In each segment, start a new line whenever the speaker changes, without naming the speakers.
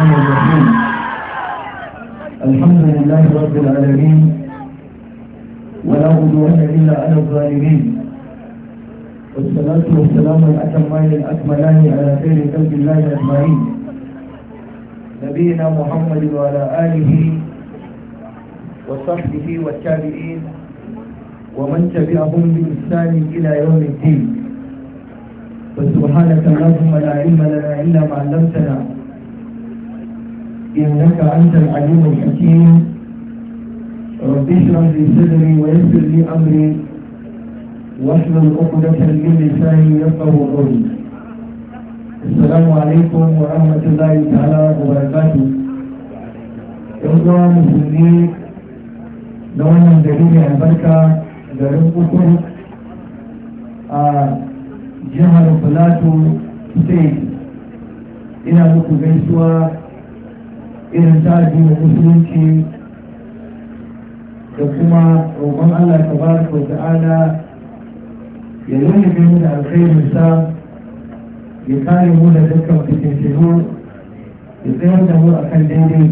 الرحمن الرحيم الحمد لله رب العالمين ولا عدوان إلا أنا الظالمين والصلاة والسلام الأتمان الأكملان على خير خلق الله أجمعين نبينا محمد وعلى آله وصحبه والتابعين ومن تبعهم بإحسان إلى يوم الدين فسبحانك اللهم لا علم لنا إلا ما علمتنا إنك أنت العليم الحكيم رب اشرح لي صدري ويسر لي أمري واحلل عقدة من لساني يفقه قولي السلام عليكم ورحمة الله تعالى وبركاته إخوة مسلمين لون دليل البركة garin kusur a jihar plateau state ina muku gaisuwa irin ta addinin musulunci da kuma roƙon Allah ta baraka wa ta'ala ya lullube mu da alkhairin sa ya kare mu da dukkan shiru ya tsayar da mu akan daidai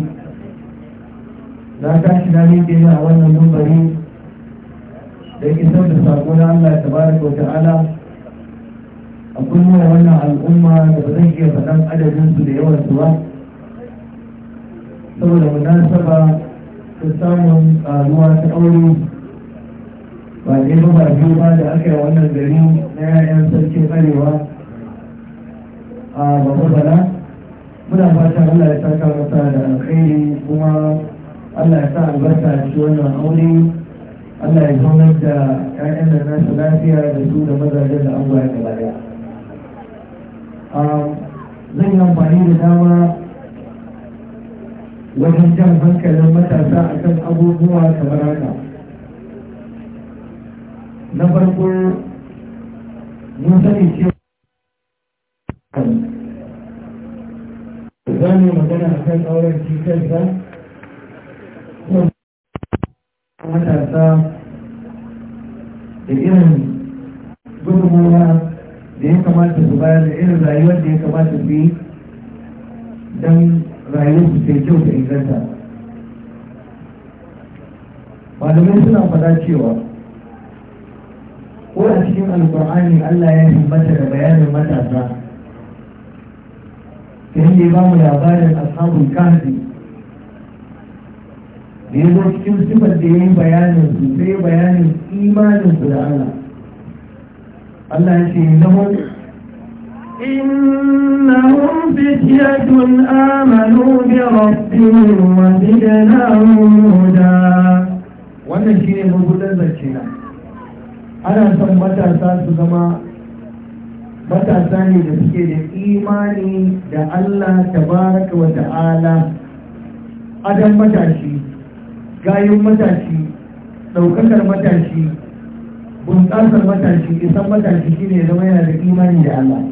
na tashi na rike ni a wannan numbari da isar da sako na Allah ta baraka wa ta'ala a kullum wannan al'umma da ba zan iya faɗan adadinsu da yawansu ba saboda munasaba ta samun karuwa ta aure ba ne ba ba biyu ba da aka yi wannan gari na 'ya'yan sarkin arewa a bala muna fata allah ya saka masa da alkhairi kuma allah ya sa albarka cikin wannan aure allah ya zaunar da 'ya'yan da nasu lafiya da su da mazajen da an gaba daya zan yi amfani da dama wajen jan hankalin matasa akan abubuwa kamar haka na farko mun sani cewa za mu magana a kan auren cikin sa matasa da irin gudunmuwa da ya kamata su bayar da irin rayuwar da ya kamata su yi don rayuwar sai kyau da inganta malamai suna faɗa cewa ko a cikin alƙur'ani Allah ya himmata da bayanin matasa ta yi ba mu labarin ashabul kahfi da ya zo cikin sifar da ya yi bayanin su sai bayanin imanin su da Allah Allah ya ce
lahum إنهم فتية آمنوا بربهم وزدناهم هدى
wannan shi ne zance na ana son matasa su zama matasa ne da suke da imani da Allah tabaraka wa ta'ala adam matashi gayun matashi ɗaukakar matashi bunƙasar matashi isan matashi shine zama yana da imani da Allah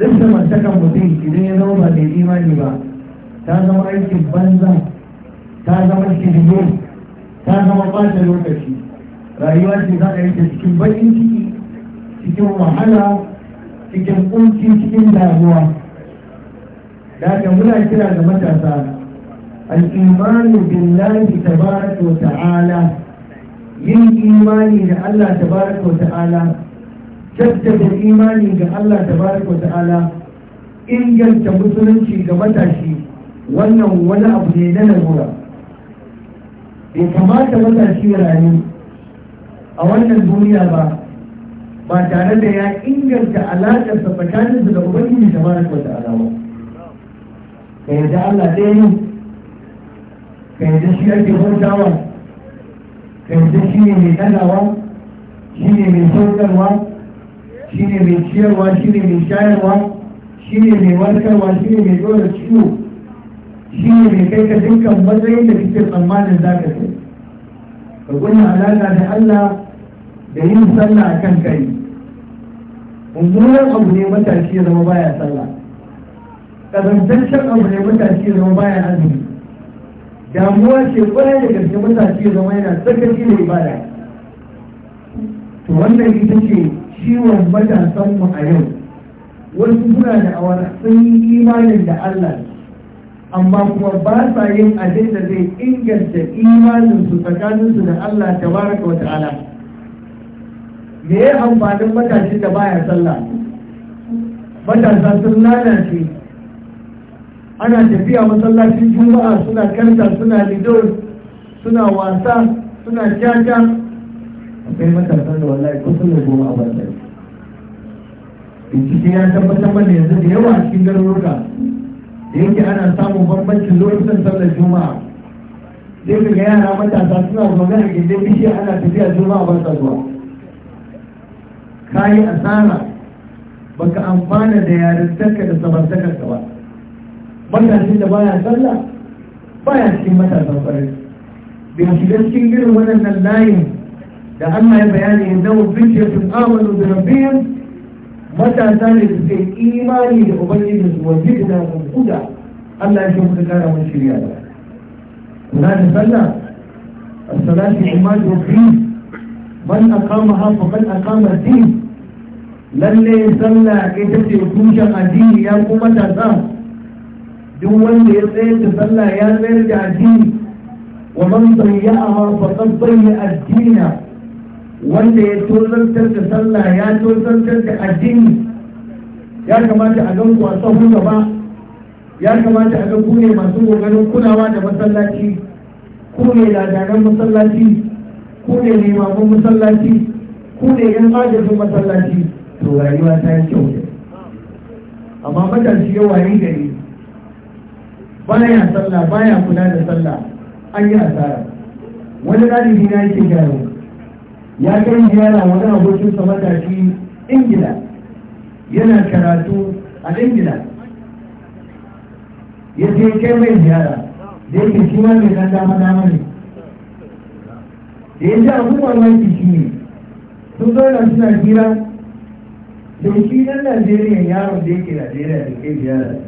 duk da mantakan mutum idan ya zama ba da imani ba ta zama aikin banza ta zama shirme ta zama ɓata lokaci rayuwa ce za a yi ta cikin baƙin ciki cikin wahala cikin kunci cikin damuwa da haka muna kira ga matasa al'imanu billahi tabaraka wa ta'ala yin imani da Allah tabaraka wa ta'ala jaddada imani ga Allah tabaraka ta'ala inganta musulunci ga matashi wannan wani abu ne na larura bai kamata matashi rayu a wannan duniya ba ba tare da ya inganta sa tsakaninsa da ubangiji tabaraka ta'ala ba ka yarda Allah ɗaya ka yarda shi ake hulɗawa. ka yarda shi ne mai ɗagawa shi ne mai saukarwa shi ne mai ciyarwa shi ne mai shayarwa shi ne mai warkarwa shi ne mai dora ciwo shi ne mai kai ka dukkan matsayin da kake tsammanin za ka kai ka gudun alaƙa da Allah da yin sallah a kan kai mummunan abu ne matashi ya zama baya sallah ƙazantaccen abu ne matashi ya zama baya azumi damuwa ce kwarai da gaske matashi ya zama yana tsakaci da ibada to wannan ita ce ciwon matasanmu a yau wasu suna da awara sun yi imanin da Allah amma kuma ba sa yin abin da zai inganta imaninsu tsakaninsu da Allah ta wa ta'ala me ya amfanin matashi da baya sallah matasa sun lalace ana tafiya masallacin juma'a suna karta suna lido suna wasa suna jajan akwai matasan da wallahi kusan da goma a banza bincike ya tabbatar mana yanzu da yawa a cikin garuruka da yake ana samun bambancin lokacin sallar juma'a sai ka ga yara matasa suna zaune a gindin bishiya ana tafiya juma'a ba sa zuwa ka yi asara baka amfana da yarintarka da samartakarka ba matashin da baya sallah baya cikin matasan farin bai shiga cikin irin waɗannan layin لأما البيان إنه فكرة آمنوا بربهم متى ذلك في إيماني لأبين وجدنا من هدى ألا يشوف خلال من شريانا هناك صلى الصلاة في عماد وخير من أقامها فقد أقام الدين للي كيف يكون يكوشا عزيز يا قومة ذا دول يطيت صلى يا مرجع دين ومن ضيعها فقد ضيع الدين wanda ya tozantar da sallah ya tozantar da addini ya kamata a gan ku a gaba ya kamata a ga kune ne masu ƙoƙarin kulawa da masallaci ku ne ladaran masallaci ku ne limamun masallaci ku ne yan majalisun masallaci to rayuwa ta yi kyau amma matashi ya yi gari baya sallah baya kula da sallah an yi asara wani ɗalibi na yake gyara ya kai ziyara wani abokin sa matashi ingila yana karatu a ingila ya ce kai mai ziyara da yake shi ma mai kanta mana mani ne da ya ji abin mamaki shi ne sun zo da suna hira da shi nan najeriya yaron da yake najeriya da kai ziyara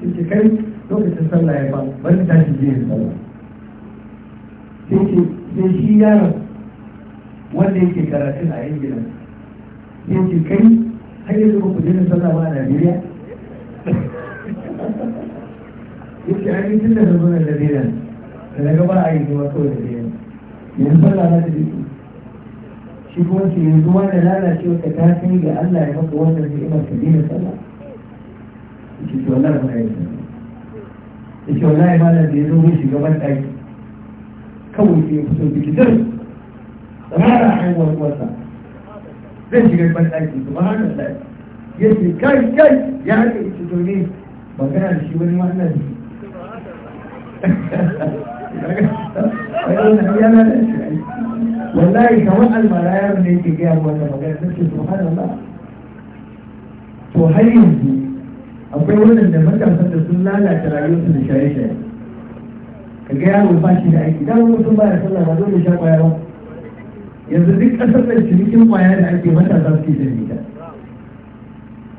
sun ce kai lokacin sallah ya ba bari tashi jiya yin sallah sai shi yaron wanda yake karatun a ingila ya ce kai har yanzu ba ku daina sallah a najeriya ya ce an yi tun da zama na najeriya da daga ba a yi zuwa kawai da biyan yanzu sallah na da biyu shi kuma shi yanzu ma da lalacewa ka ta kai ga allah ya maka wannan ni'imar ka daina sallah ya ce to ba a yi shi ce da ya zo mai shugaban ɗaki kawai ke ya fito bikin Zama rana haihuwar uwarsa zai shiga ban ɗaki su ba hannun ɗaki ya ce kai kai ya haka ita to ne ba kana da shi wani Wannan ana da shi wallahi kamar almara yaron ne yake gaya wannan magana na ce subhanallah to har yanzu akwai da matasan da sun lalata rayuwarsu da shaye-shaye ka ga yaro ba shi da aiki da wani mutum ba da sallah ba dole sha ƙwaya ba yanzu duk kasar da cinikin kwaya da ake matasa ke da nita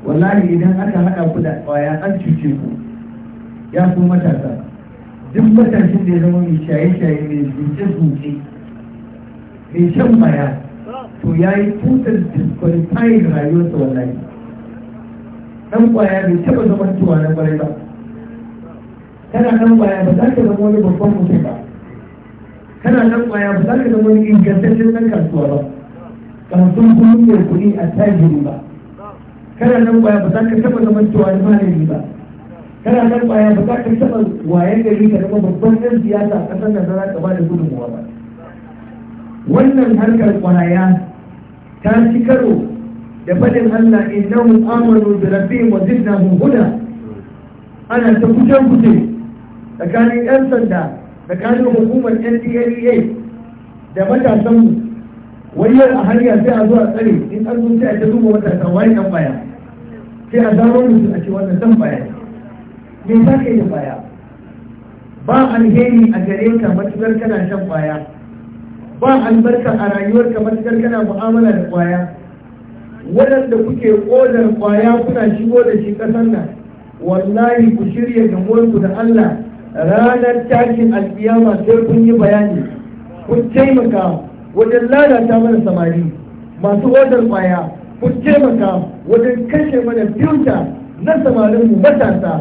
wallahi idan aka haɗa ku da ƙwaya an cuce ku ya ku matasa duk matashin da ya zama mai shaye-shaye mai zuce-zuce mai shan ƙwaya to ya yi tutar disqualifying rayuwarsa wallahi ɗan ƙwaya bai taɓa zama tuwa na ƙwarai ba kana ɗan ƙwaya ba za ka zama wani babban mutum ba kana nan kwaya ba za ka zama wani ingantaccen nan kasuwa ba ba sun kuma mai kuɗi a tajiri ba kana nan kwaya ba za ka taɓa zama cewa malami ba kana nan kwaya ba za ka taɓa wayan gari ka zama babban ɗan siyasa a ƙasar nan za ka ba da gudunmuwa ba wannan harkar kwaya ta ci karo da faɗin Allah innahum amanu bi rabbihim wa zidnahum huda ana ta kuce kuce tsakanin 'yan sanda tsakanin hukumar ndla e da matasanmu wayar a hanya sai a zuwa tsare in an zo sai a duba matasan wani ɗan baya sai a zama musu a ce wannan ɗan baya me za ka yi baya ba alheri a gare ka matukar kana shan baya ba albarka a rayuwarka matukar kana mu'amala da kwaya waɗanda kuke ƙodar kwaya kuna shigo da shi ƙasar nan wallahi ku shirya gamuwarku da Allah ranar tashin alkiyama sai kun yi bayani kun taimaka wajen lalata mana samari masu odar kwaya kun taimaka wajen kashe mana fiuta na mu matasa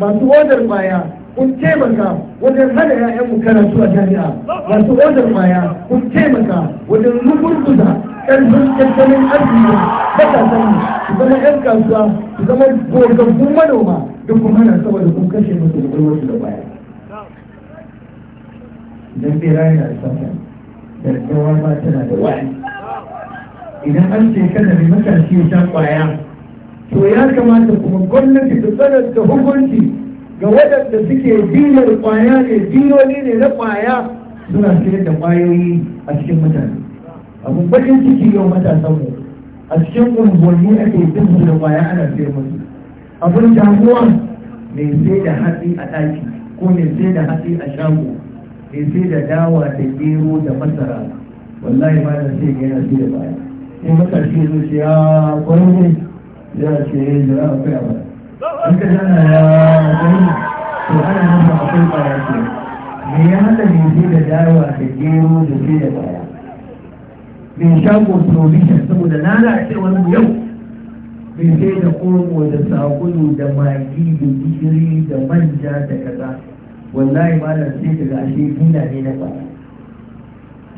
masu odar kwaya kun taimaka wajen hana 'ya'yanmu karatu a jami'a masu odar kwaya kun taimaka wajen rugurguza ƙarfin tattalin arziki matasan mu su zama 'yan kasuwa su zama gogaggun manoma duk kuma na saboda kun kashe musu da da baya don bera yana da tsafta da rasawa ba tana da wani idan an ce kada mai matashi ya sha kwaya to ya kamata kuma gwamnati ta tsananta hukunci ga waɗanda suke dinar kwaya ne dinoni ne na kwaya suna sayar da kwayoyi a cikin mutane abin bakin ciki yau matasan mu a cikin unguwanni ake bin da kwaya ana sayar musu abin damuwa mai sai da hatsi a ɗaki ko mai sai da hatsi a shago mai eh, sai da dawa da gero da masara wallahi ba na sai yana sai da baya in matashi zo ce ya ah, kwarne ya ce eh, jira a a baya in ka zana ya kwarne to ana a akwai baya ce me ya hada mai sai da dawa da gero da sai da baya mai shago provision saboda na na ce wani yau mai sai da komo da sabulu da magi da gishiri da manja da kaza wallahi ba da sai ka ga ashe dina ne na ba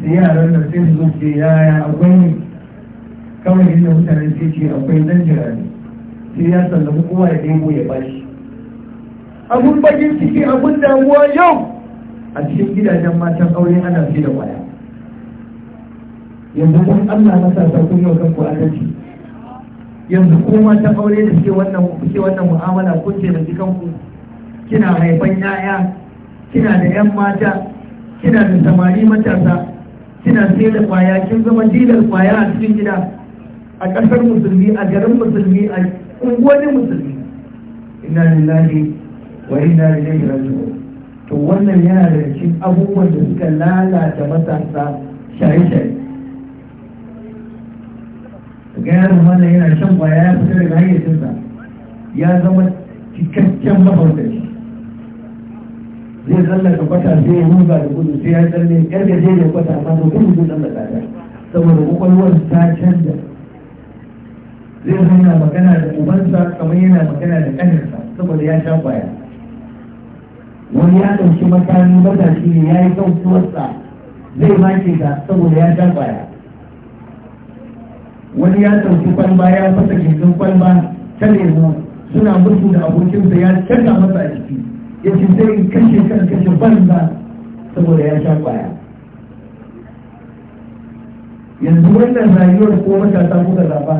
sai yaran nan sai su zo ce yaya akwai ne kawai inda mutane sai ce akwai zan jira ne sai ya sallama kowa ya ɗebo ya bashi abun bakin ciki abun damuwa yau a cikin gidajen matan aure ana fi da kwaya yanzu kun Allah na sa kun yau ku a yanzu ko matan aure da ke wannan mu'amala kun ce da kanku kina haifan 'ya'ya kina da yan mata kina da samari matasa kina sayar da kwaya kin zama dilar kwaya a cikin gida a ƙasar musulmi a garin musulmi a unguwannin musulmi ina lillahi wa ina ilaihi raji'un to wannan yana da cikin abubuwan da suka lalata matasa shaye-shaye ga yaron wannan yana shan kwaya ya fita daga hayyacinsa ya zama cikakken mahaukaci zai tsallaka kwata sai ya ruga da gudu sai ya tsalle yar da zai da kwata amma to gudu zai tsallaka ta saboda kwakwalwar ta canza zai zo magana da ubansa kamar yana magana da kaninsa saboda ya sha kwaya wani ya ɗauki makami matashi ne ya yi kautuwarsa zai mace ta saboda ya sha kwaya wani ya ɗauki kwalba ya fasa gindin kwalba ta lemu suna mutu da abokinsa ya canza masa a jiki ya ce zai kashe kan kashe banza saboda ya sha kwaya yanzu wannan rayuwar ko matasa kuka zaba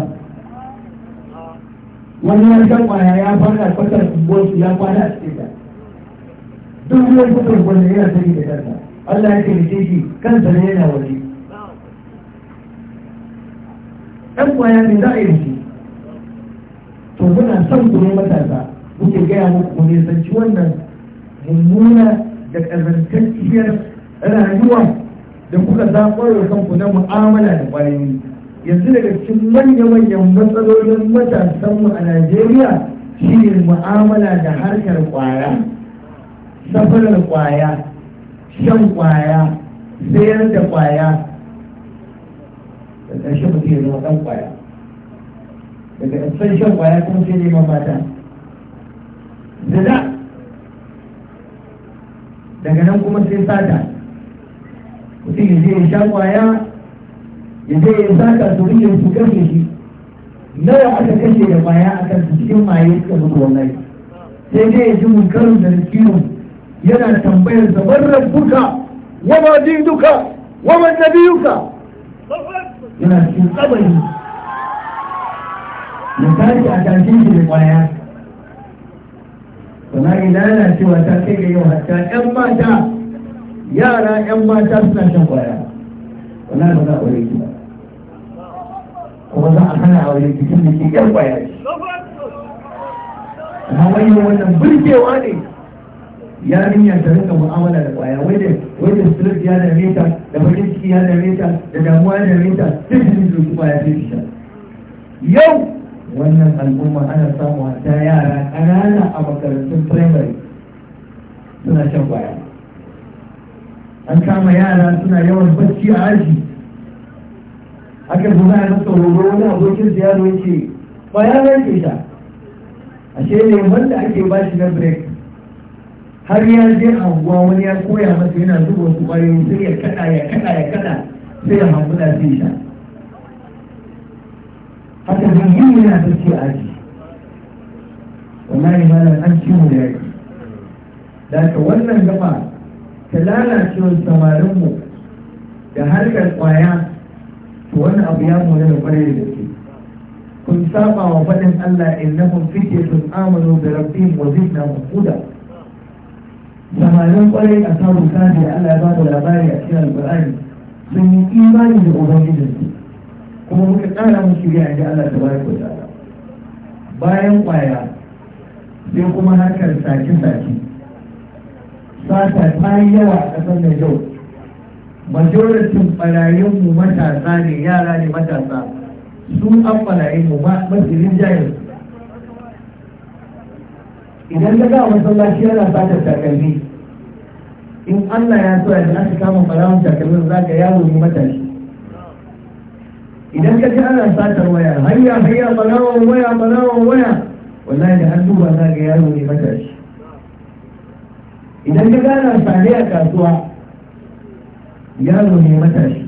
wani ya sha kwaya ya fara kwatar unguwarsu ya kwana a cikin ta duk ruwan kuka wanda yana sani da kansa Allah ya taimake shi kansa ne yana waje ɗan kwaya ne za a yi shi to muna son ku ne matasa muke gaya muku ku ne ci wannan mummuna da ƙazantacciyar rayuwa da kuka zaɓar da kanku na mu'amala da ƙwayoyi yanzu daga cikin manya-manyan matsalolin matasanmu a najeriya shi ne mu'amala da harkar ƙwaya safarar ƙwaya shan ƙwaya sayar da ƙwaya da ƙarshe mutum ya zama ɗan ƙwaya daga ɗan shan ƙwaya kuma sai neman mata zina daga nan kuma sai sata mutum ya je ya sha kwaya ya je ya sata su rike su kashe shi nawa aka kashe da kwaya a kan cikin maye suka mutu wallahi sai dai ya ji karin da kiwon yana tambayar zaban rabbuka wa ma dinuka wa ma nabiyuka yana cikin tsabari ya tashi a tashin shi da kwaya kuma lalacewa ta kai ga yau hatta yan mata yara yan mata suna shan kwaya wala ba za a aure ki ba kuma za a hana aure ki tun da ke yan kwaya amma wani wannan burgewa ne yarinya ta rinka mu'amala da kwaya wai da wai da stress ya dame ta da bakin ciki ya dame ta da damuwa ya dame ta duk sun zo kuma ya fi sha yau wannan al'umma ana samu ta yara ƙanana a makarantun firamare suna shan kwaya an kama yara suna yawan bacci a aji aka zo za a rasa rogo wani abokin da yaro yake kwaya na ke sha ashe ne wanda ake ba shi na break har ya je anguwa wani ya koya masa yana zuba wasu kwayoyi sai ya kada ya kada ya kada sai ya hankula sai sha haka jirgin yana tafiya a aji wallahi malam an ci mu da yaki da wannan gaba ta lalacewar samarinmu da harkar kwaya to wani abu ya mu da kwarai da gaske kun saba wa faɗin Allah innahum fityatun amanu bi rabbihim wa zidnahum huda samarin kwarai a samu da Allah ya ba da labari a cikin alqur'ani sun yi imani da ubangijinsu kuma muka tsara musu shirya da Allah ta bari ko tsara bayan kwaya sai kuma harkar sake-sake sata ta yi yawa a ƙasar da yau majoritin mu matasa ne yara ne matasa su an ba mafi rinjayen idan ka ga masallaci yana sata takalmi in Allah ya so ya aka kama ɓarawun takalmin za ka yaro ne matashi idan ka ji ana satar waya hayya hayya balawon waya balawon waya wallahi da an duba za ga yaro ne matashi idan ka gana sare a kasuwa yaro ne matashi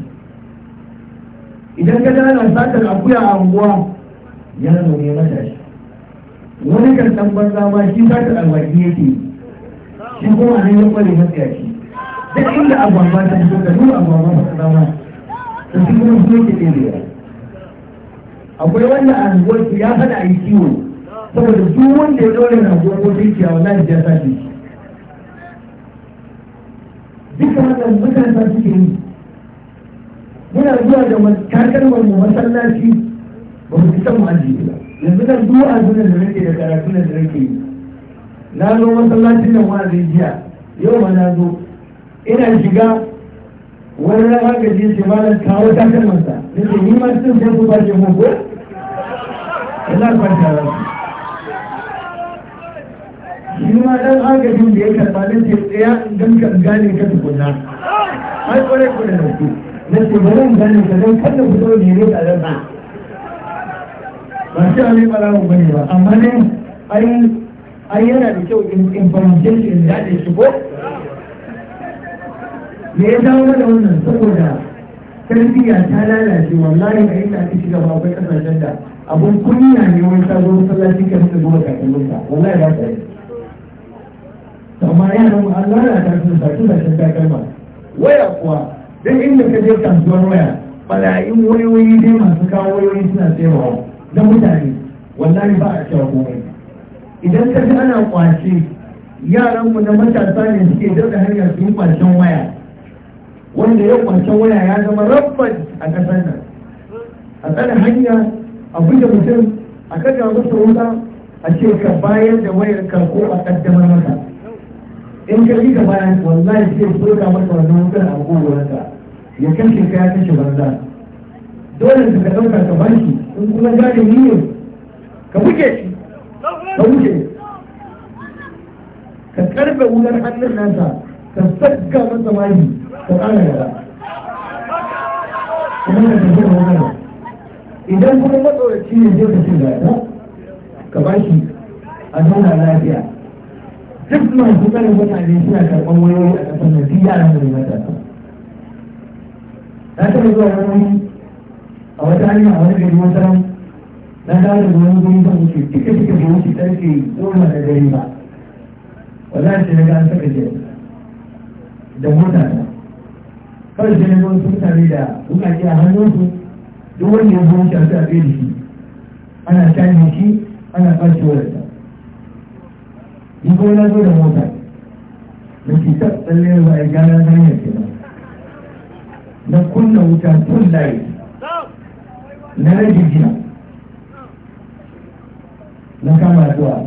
idan ka gana satar akuya a unguwa yaro ne matashi wani karsan banza ma shi satar alwaki yake shi kuma a nan ya kware matsayaci duk inda abuwa ta fito da nuna abuwa ba ta zama ta kuma su yake ɗaya akwai wannan a su ya hana a yi kiwo saboda su wanda ya dole na unguwar ko dukiya wallahi ya sa shi duka haka matasa suke yi muna zuwa da takalmar mu masallaci ba su san mu ajiye ba yanzu kan duk zuwa da rike da karatu da rike na zo masallacin nan zai jiya yau ma na zo ina shiga wani na haka je ce malam kawo takalmansa ya ce ni ma sun sai ku bace mu ko ina kwanta ran shi ma dan agajin da ya karba na ce tsaya in ganka in gane ka tukunna har kwarai kwarai da su na ce bari in gane ka don kada ku zo ne ne a rasa ba shi alai ɓarawo ba ne ba amma ne ai yana da kyau in fahimce shi in daɗe shi ko me ya dawo da wannan saboda tarbiyya ta lalace wallahi a inda aka shiga ba akwai kasashen da abun kunya ne wani sabon masallaci kan su zuwa kakanninsa wallahi ba ta yi amma yaran mu an lalata su da su da shan takalma waya kuwa dan inda ka je kasuwar waya bala'in wayoyi dai masu kawo wayoyi suna tsayawa na mutane wallahi ba a cewa komai idan ka ji ana kwace yaranmu na matasa ne suke daɗa hanyar su yi kwashen waya wanda ya kwace waya ya zama rabban a kasar nan a tsada hanya a buɗe mutum a kaga masa wuta a ce ka bayar da wayar ka ko a ƙaddamar maka in ka yi ka bayan wallahi sai ka maka wannan wutar a gogoranka ya kashe ka ya kashe banza dole ka ɗauka ka bashi in kuma jami'i ne ka buge shi ka buge ka karbe wular hannun nasa ka saka masa mali ka ƙara yarda kuma ka tafi da wani idan kuma matsoraci ne zai tafi da yarda ka ba shi a zauna lafiya duk masu tsarin mutane suna karɓar wayoyi a ƙasar nan duk yaran da matasa na taɓa zuwa wani a wata hanya a wani gari wata na dawo da wani guri zan wuce cike-cike da wuce ƙarfe goma da gari ba wallahi sai na ga an saka jiya da mota na kawai sai na wasu mutane da wukake a hannunsu duk wanda ya zo wuce a tsaye da shi ana canje shi ana ɓace wadata in kuma na zo da mota da ke ta tsalle ba a gyara hanyar ke ba na kunna wuta tun layi na rage jiya na kama zuwa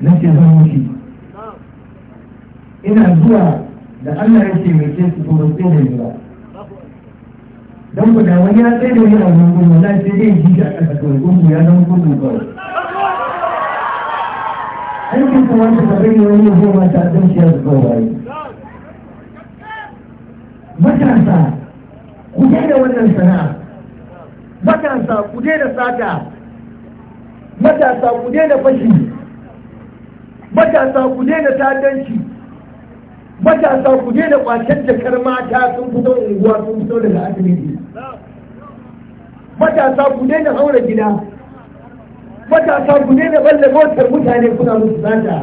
na ce zan wuce ina zuwa da Allah ya ce mai kinsu kuma sai da jira don ku da wani ya tsaye da wani a gungun na sai zai ji a ƙasa kawai gungun ya zama gungun kawai aikin kuma ta tafi ne wani goma ta ɗan shi ya zuba matasa ku da wannan sana'a matasa ku da sata matasa ku da fashi matasa ku da ta'addanci matasa ku je da kwashen jakar mata sun fito unguwa sun fito daga asibiti matasa ku je da haura gida matasa ku je da balle motar mutane kuna musu sata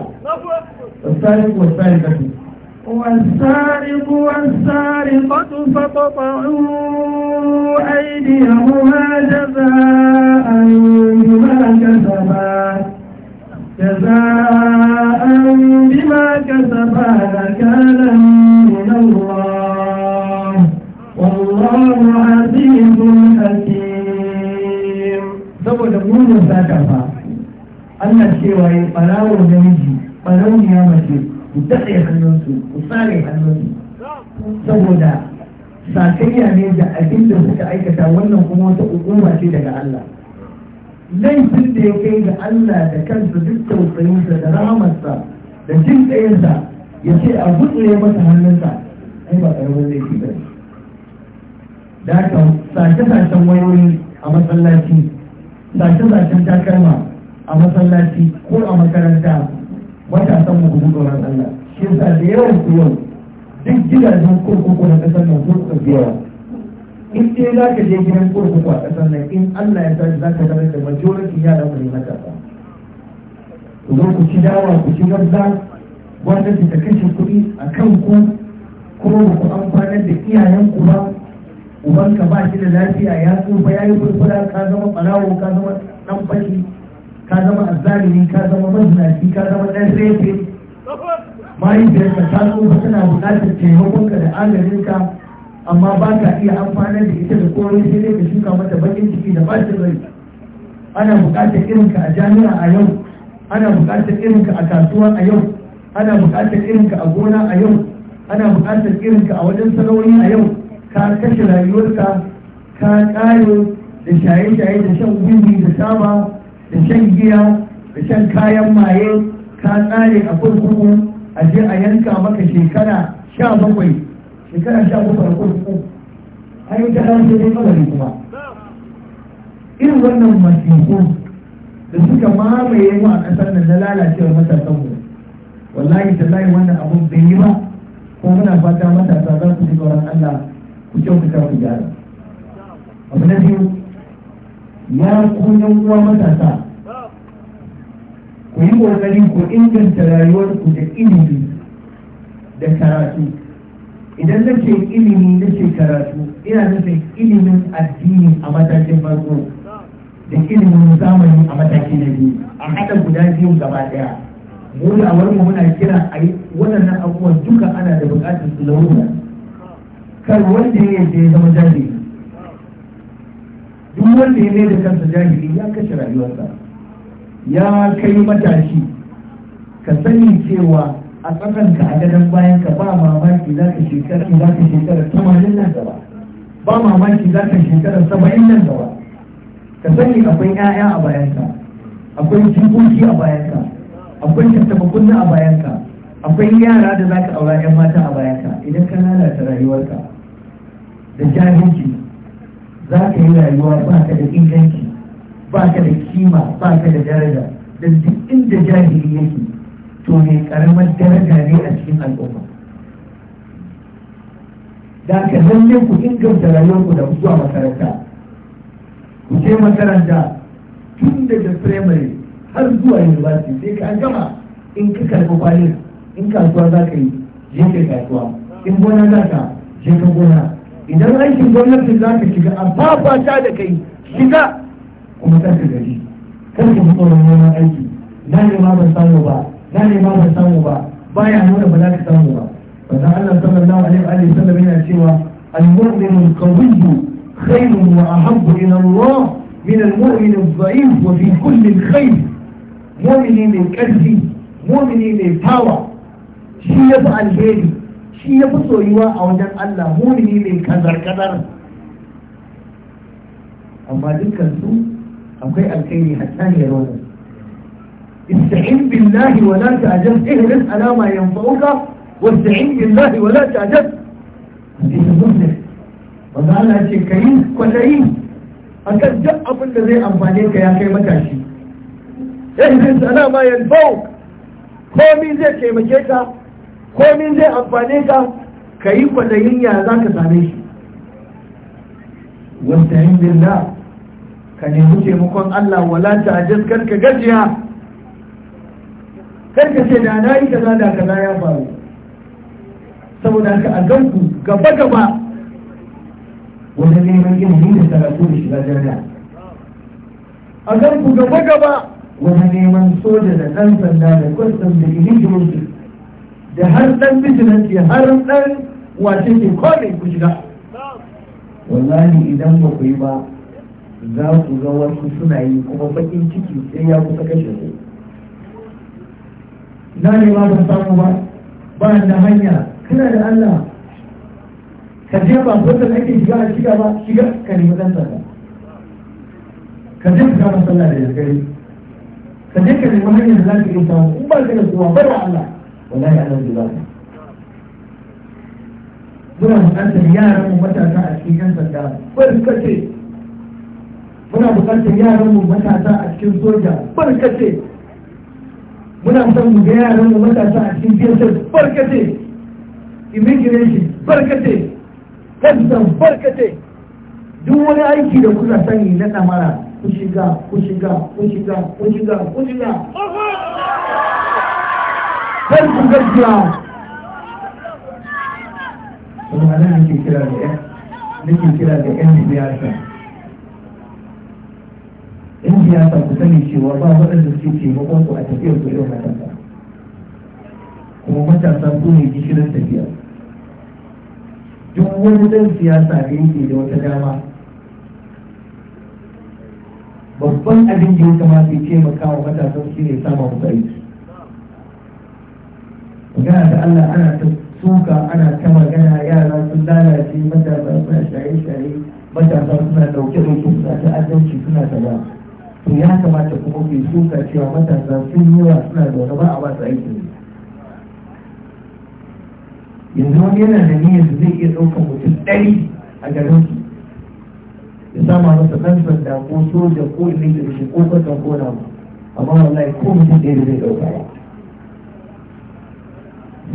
wasariku wasariku والسارق والسارقة فقطعوا أيديهما جزاء بما كسبا جزاء بما كسبا نكالا من الله والله عزيز حكيم
saboda munin sata fa Allah cewa yi ɓarawar namiji ɓarauniya mace ku daɗe hannunsu ku tsare hannunsu saboda sakayya ne da abin da suka aikata wannan kuma wata hukuma ce daga Allah laifin da ya kai ga Allah da kansa duk tausayinsa da rahamarsa da jin ɗayansa ya ce a gutsure masa hannunsa ai ba ƙaramin laifi ba da haka sace-sacen wayoyi a masallaci sace-sacen takalma a masallaci ko a makaranta matasan mu gudu tsoron Allah shi sa da yawan yau duk gidajen kurkuku na ƙasar nan sun yawa in dai za ka je gidan kurkuku a ƙasar nan in Allah ya sa za ka zama da majority yaran mu ne matasa ku zo ku ci dawa ku ci wanda gwamnati ta kashe kuɗi a kan ku kuma ba ku amfanar da iyayenku ba ka ba shi da lafiya ya tsufa ya yi furfura ka zama ɓarawo ka zama ɗan fashi ka zama azzalimi ka zama mazinaci ka zama ɗan refe mahaifiyarka ta tsufa tana buƙatar taimakonka da agajinka amma ba ka iya amfana da ita da kore sai dai ka shuka mata bakin ciki da ba shi rai ana buƙatar irinka a jami'a a yau ana buƙatar irinka a kasuwa a yau ana buƙatar irinka a gona a yau ana buƙatar irinka a wajen sana'o'i a yau ka kashe rayuwarka ka ƙare da shaye-shaye da shan wiwi da saba da shan giya da shan kayan maye ka tsare a kurkuku a je a yanka maka shekara sha bakwai shekara sha uku farko an yi kada sai dai magani kuma irin wannan masifu da suka mamaye mu a ƙasar nan na lalacewar mu wallahi tallahi wannan abun bai yi ba ko muna fata matasa za su ji tsoron Allah ku kyautata ku gyara abu na biyu ya ku yi uwa matasa ku yi ƙoƙari ku inganta rayuwarku da ilimi da karatu idan na ce ilimi na ce karatu ina nufin ilimin addini a matakin farko da ilimin zamani a matakin na biyu a haɗa guda biyu gaba ɗaya mu da mu muna kira a yi waɗannan abubuwan duka ana da buƙatar su larura kar wanda ya yi ya zama jahili duk wanda ya mai da kansa jahili ya kashe rayuwarsa ya kai matashi ka sani cewa a ka a gadon bayan ka ba mamaki za ka shekara za ka shekara tamanin nan gaba ba mamaki za ka shekara saba'in nan gaba ka sani akwai 'ya'ya a bayanka akwai jikoki a bayanka akwai tattabakunna a bayanka akwai yara da za ka aura 'yan mata a bayanka idan ka lalata rayuwarka da jahilci za ka yi rayuwa ba ka da inganci ba ka da kima ba ka da daraja da duk inda jahili yake to mai karamar daraja ne a cikin al'umma da ka lalle ku inganta rayuwarku da zuwa makaranta ku je makaranta tun daga firamare har zuwa university sai ka gama in ka karɓi kwalin in kasuwa za ka yi je ka kasuwa in gona za ka je ka gona idan aikin gwamnati za ka shiga ba ta da kai shiga kuma ka gari kar ka ji tsoron neman aiki na ne ma ban samu ba ثاني باب التوبة بايع نور بلاك التوبة فتعالى صلى الله عليه وآله وسلم هنا سوى المؤمن القوي خير وأحب إلى الله من المؤمن الضعيف وفي كل الخير مؤمن للكذب مؤمن للطاوة شيء يفعل هيك شيء يبصر يوا أو جن الله مؤمن للكذر كذر أما ذلك السوء أو كي الكيني حتى يرونه استعن بالله ولا تعجب اهرس على ما ينفعك واستعن بالله ولا تعجب حديث مسلم wanda Allah ce ka yi kwatayi a kan duk da zai amfane ka ya kai matashi irin sana ma yanfau komi zai taimake ka komi zai amfane ka ka yi kwatayin ya za ka same shi wasta ka nemi taimakon Allah wala ta ka gajiya sai ka ce da na yi kaza da kaza ya faru saboda ka a ganku gaba gaba wani neman ilimi da karatu da shiga jirga a ganku gaba gaba wani neman soja da ɗan sanda da kwastan da ilimin da har ɗan bijilanci har ɗan wace ke kome ku shiga wallahi idan ba ku yi ba za ku ga wasu suna yi kuma bakin ciki sai ya kusa kashe su na ne ba ka samu ba ba da hanya kana da Allah ka je ba da ake shiga a shiga ba shiga ka nemi dan sallah ka je ka kama sallah da yaskari ka je ka nemi hanyar da za ka iya ba ka da zuwa bar Allah wallahi Allah zai ba ka muna buƙatar yaran mu matasa a cikin yan sanda barkace muna buƙatar yaran mu matasa a cikin soja barkace muna son mu ga yaran da matasa a cikin fiyasar barkate immigration barkate custom barkate duk wani aiki da kuka sani na damara ku shiga ku shiga ku shiga ku shiga ku shiga kan ku gaskiya kuma nan nake kira da yan nake kira da yan siyasa in siyasa ku sani cewa ba waɗanda suke taimakon ku a tafiyar ku yau matasa kuma matasa su ne gishirin tafiya duk wani ɗan siyasa da yake da wata dama babban abin da ya kamata ya taimaka wa matasan shi ne sama musu aiki magana da Allah ana ta suka ana ta magana yara sun lalace matasa suna shaye-shaye matasa suna ɗauke-ɗauke suna ta'addanci suna ta ba to ya kamata kuma ke shuka cewa matasa sun yi yawa suna zaune ba a wasu su aiki yanzu wani yana da niyyar zai iya ɗaukar mutum ɗari a garin su ya sama masa ɗan da ko soja ko shi ko kwata ko na amma wallahi ko mutum ɗaya da zai ɗauka ba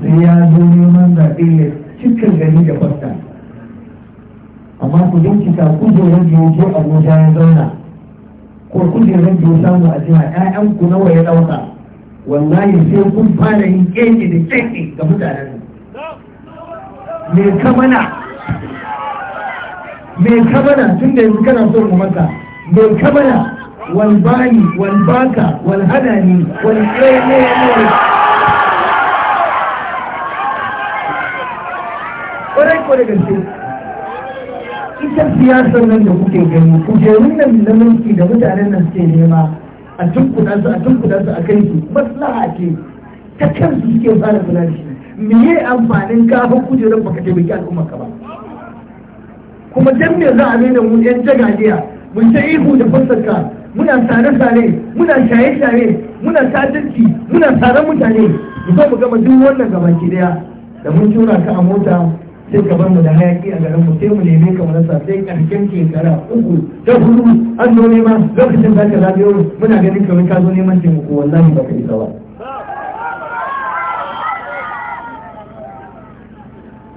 sai ya zo neman zaɓe ya cikin gari da fasta amma ku bincika ku zo wanda ya abuja ya zauna ko da ya samu a jiha ƴaƴan ku nawa ya dauka wallahi sai kun fara yin ƙeƙe da ƙeƙe ga mutanen me ka mana me ka mana tun da yanzu kana son mu maka me ka mana wal bani wal baka wal hadani wal ƙeƙe ƙwarai ko da gaske ita siyasar nan da kuke gani kujerun nan mulki da mutanen nan suke nema a tunkuɗa su a tunkuɗa su a kai su maslaha ce ta kansu suke fara kula shi me amfanin kafa kujerun baka taimaki al'umma ka ba kuma dan me za a da mu yan jagadiya mun ta ihu da fassarka muna sare-sare muna shaye-shaye muna tajirci muna tsaron mutane mu zo mu gama duk wannan gabaki daya da mun tura ka a mota sai ka bar mu da hayaki a garin mu sai mu neme ka mu rasa sai karshen kara uku ta hudu an zo neman lokacin za ka zaɓe muna ganin kamar ka zo neman taimako wallahi ba ka isa ba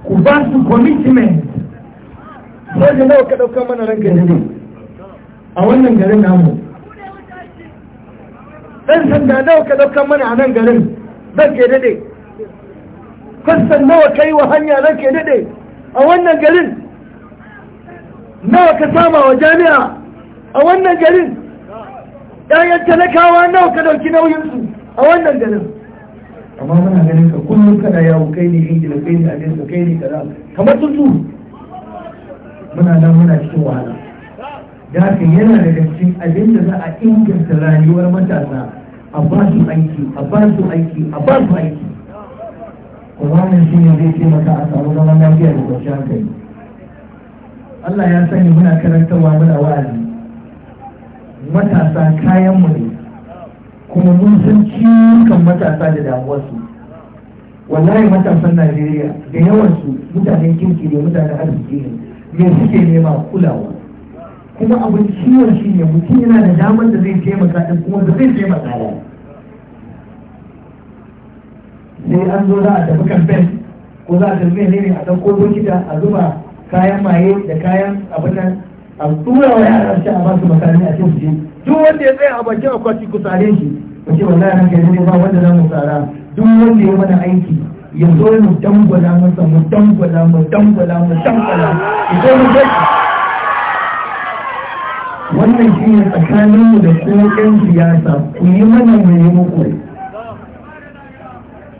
ku ba su commitment sai da nawa ka ɗauka mana ranka ne a wannan garin namu ɗan sanda nawa ka ɗauka mana a nan garin ban ke ne fassan nawa kai wa hanya nan ke daɗe a wannan garin nawa ka sama wa jami'a a wannan garin ɗayan talakawa nawa ka ɗauki nauyinsu a wannan garin amma muna ganin ka kullum kana yawo kai ne da kai ne amerika kai ne kaza kamar sun su muna nan muna cikin wahala da haka yana da cikin abin da za a inganta rayuwar matasa a ba su aiki a ba su aiki a ba su aiki wannan shi ne zai taimaka a samu zaman lafiya da kwanciyar hankali Allah ya sani muna karantarwa muna wa'azi matasa kayan mu ne kuma mun san cikin matasa da damuwarsu wallahi matasan Najeriya da yawansu mutanen kirki ne mutanen arziki ne me suke nema kulawa kuma abin ciwon shi ne mutum yana da damar da zai taimaka ɗin kuma da zai taimaka ba sai an zo za a tafi kamfen ko za a tafi ne ne a ɗauko bokita a zuba kayan maye da kayan abin nan a tura wa yara shi a basu makarani a cikin shi duk wanda ya tsaya a bakin akwati ku tsare shi ku ce wallahi haka hankali ne ba wanda zan tsara duk wanda ya mana aiki ya zo mu dangwala masa mu dangwala mu dangwala mu dangwala ya zo mu gaji wannan shi ne tsakaninmu da ku 'yan siyasa ku yi mana mai muku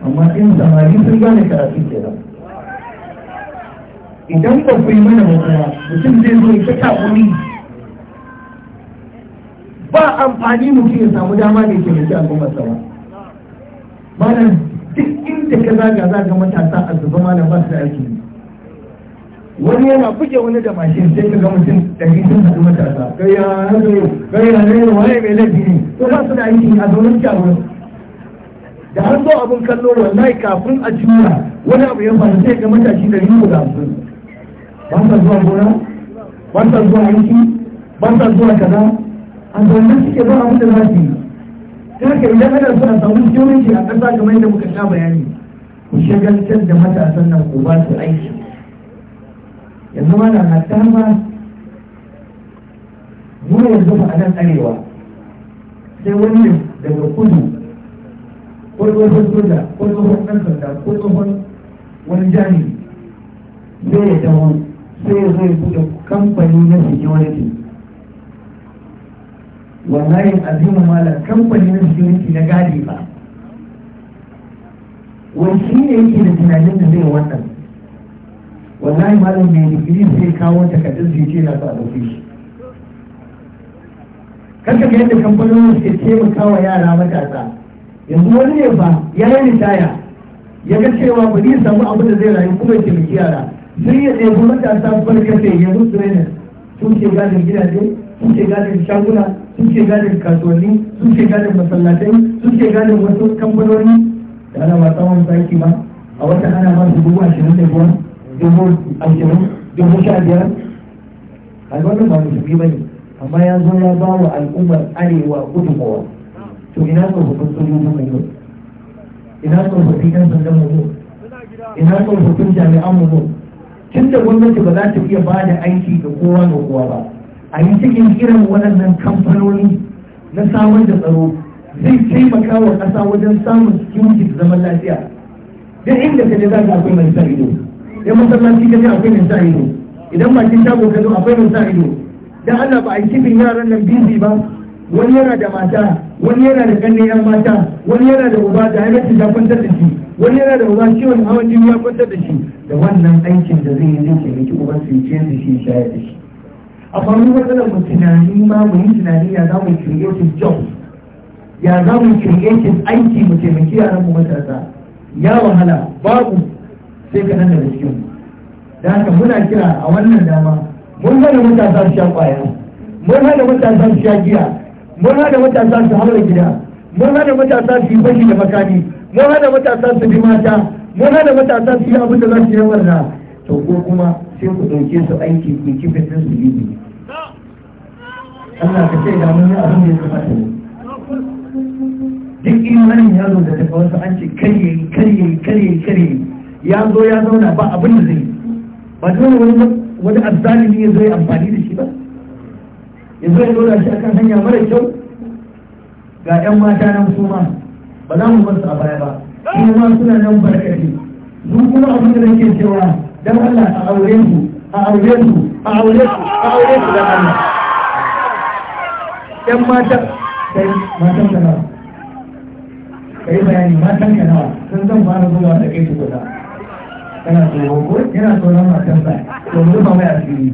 amma in samari sun gane karatu ke nan idan ba ku yi mana mutuwa mutum zai zo ya ta kuri ba amfani mutum ya samu dama da ke mace al'ummar sama malam duk inda ka zaga zaga matasa a zuba malam ba su da aiki wani yana buge wani da mashin sai ka ga mutum da sun haɗu matasa gaya na yi na gaya wani mai laifi ne ko ba su da aiki a zaunin jarumin da an zo abin kallo wallahi kafin a juya wani abu ya faru sai ga matashi da yiwu da hamsin ba sa zuwa gona ba sa zuwa aiki ba sa zuwa kaza a zaune suke ba abin da za su yi ta haka idan ana so a samu jiyoyi a ƙasa kamar yadda muka sha bayani ku shagaltar da matasan nan ku ba su aiki yanzu ma na hatta ma mu yanzu ba a nan arewa sai wani daga kudu ko tsohon soja ko tsohon ɗan sanda ko tsohon wani jami'i sai ya dawo sai ya zai buɗe kamfani na security wallahi azima mala kamfani na security na gadi ba wai shi ne yake da tunanin da zai wannan wallahi malam mai digiri sai kawo takardar su ce na a ɗauke shi kanka ga yadda ke taimaka taimakawa yara matasa yanzu wani ne ba ya yi ritaya ya ga cewa ba zai samu abin da zai rayu kuma ya taimaki yara sai ya kuma matasa barkatai yanzu su ne sun ce gadin gidaje sun ce gadin shaguna sun ce gadin kasuwanni sun ce gadin masallatai sun ce gadin wasu kamfanoni da ana ba tsawon zaki ba a wata ana ba su dubu ashirin da biyar dubu ashirin dubu sha biyar a wannan ba musulmi ba ne amma ya zo ya ba wa al'ummar arewa kowa. to ina tsofaffin sojojin mai yau ina tsofaffin yan sandan mu ina tsofaffin jami'an mu tun da gwamnati ba za ta iya ba da aiki ga kowa da kowa ba a yi cikin irin waɗannan kamfanoni na samar da tsaro zai taimaka wa ƙasa wajen samun security da zaman lafiya duk inda ka je za ka akwai mai sa ido idan masallaci ka je akwai mai sa ido idan bakin shago ka zo akwai mai sa ido dan Allah ba a yi kifin yaran nan busy ba wani yana da mata wani yana da kanne yan mata wani yana da uba da haifarci ta kwantar da shi wani yana da uba ciwon hawan jini ya kwantar da shi da wannan aikin da zai yi zai taimaki uba su ce da shi shayar da shi a faru matsalar mu tunani ma mu yi tunani ya za mu yi creative job ya za mu creative aiki mu miki yaran mu matasa ya wahala babu sai ka nan da cikin mu da haka muna kira a wannan dama mun hana matasa su sha kwaya mun hana matasa su sha giya mun hada matasa su haura gida mun hada matasa su yi bashi da makani mun hada matasa su bi mata mun hada matasa su yi abin da za su yi warna to ko kuma sai ku ɗauke su aiki ku kifin din su yi Allah ka ce da mun yi abin da ya kamata duk imanin ya zo da daga wasu an ce karye karye karye karye ya zo ya zauna ba abin da zai ba dole wani wani azzalimi ya zo ya amfani da shi ba yanzu ya lura shi akan hanya mara kyau ga 'yan mata nan su ma ba za mu bar su a baya ba su ma suna nan barkati su kuma abin da nake cewa dan Allah a aure su a aure su a aure su a aure su dan Allah 'Yan mata kai matan ka nawa kai bayani matan ka nawa sun zan fara zuwa da kai su kusa kana tsoro ko yana tsoron matan sa to mu ba mai asiri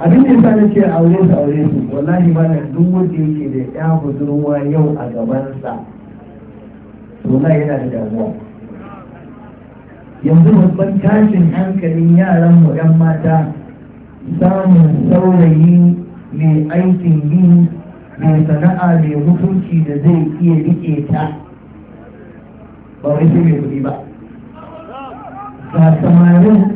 abin da yasa a aure su aure su wallahi ba da duk wanda yake da ya budurwa yau a gabansa to na yana da damuwa yanzu babban tashin hankalin yaran mu yan mata samun saurayi mai aikin yi mai sana'a mai mutunci da zai iya rike ta ba wai sai mai kuɗi ba ga samarin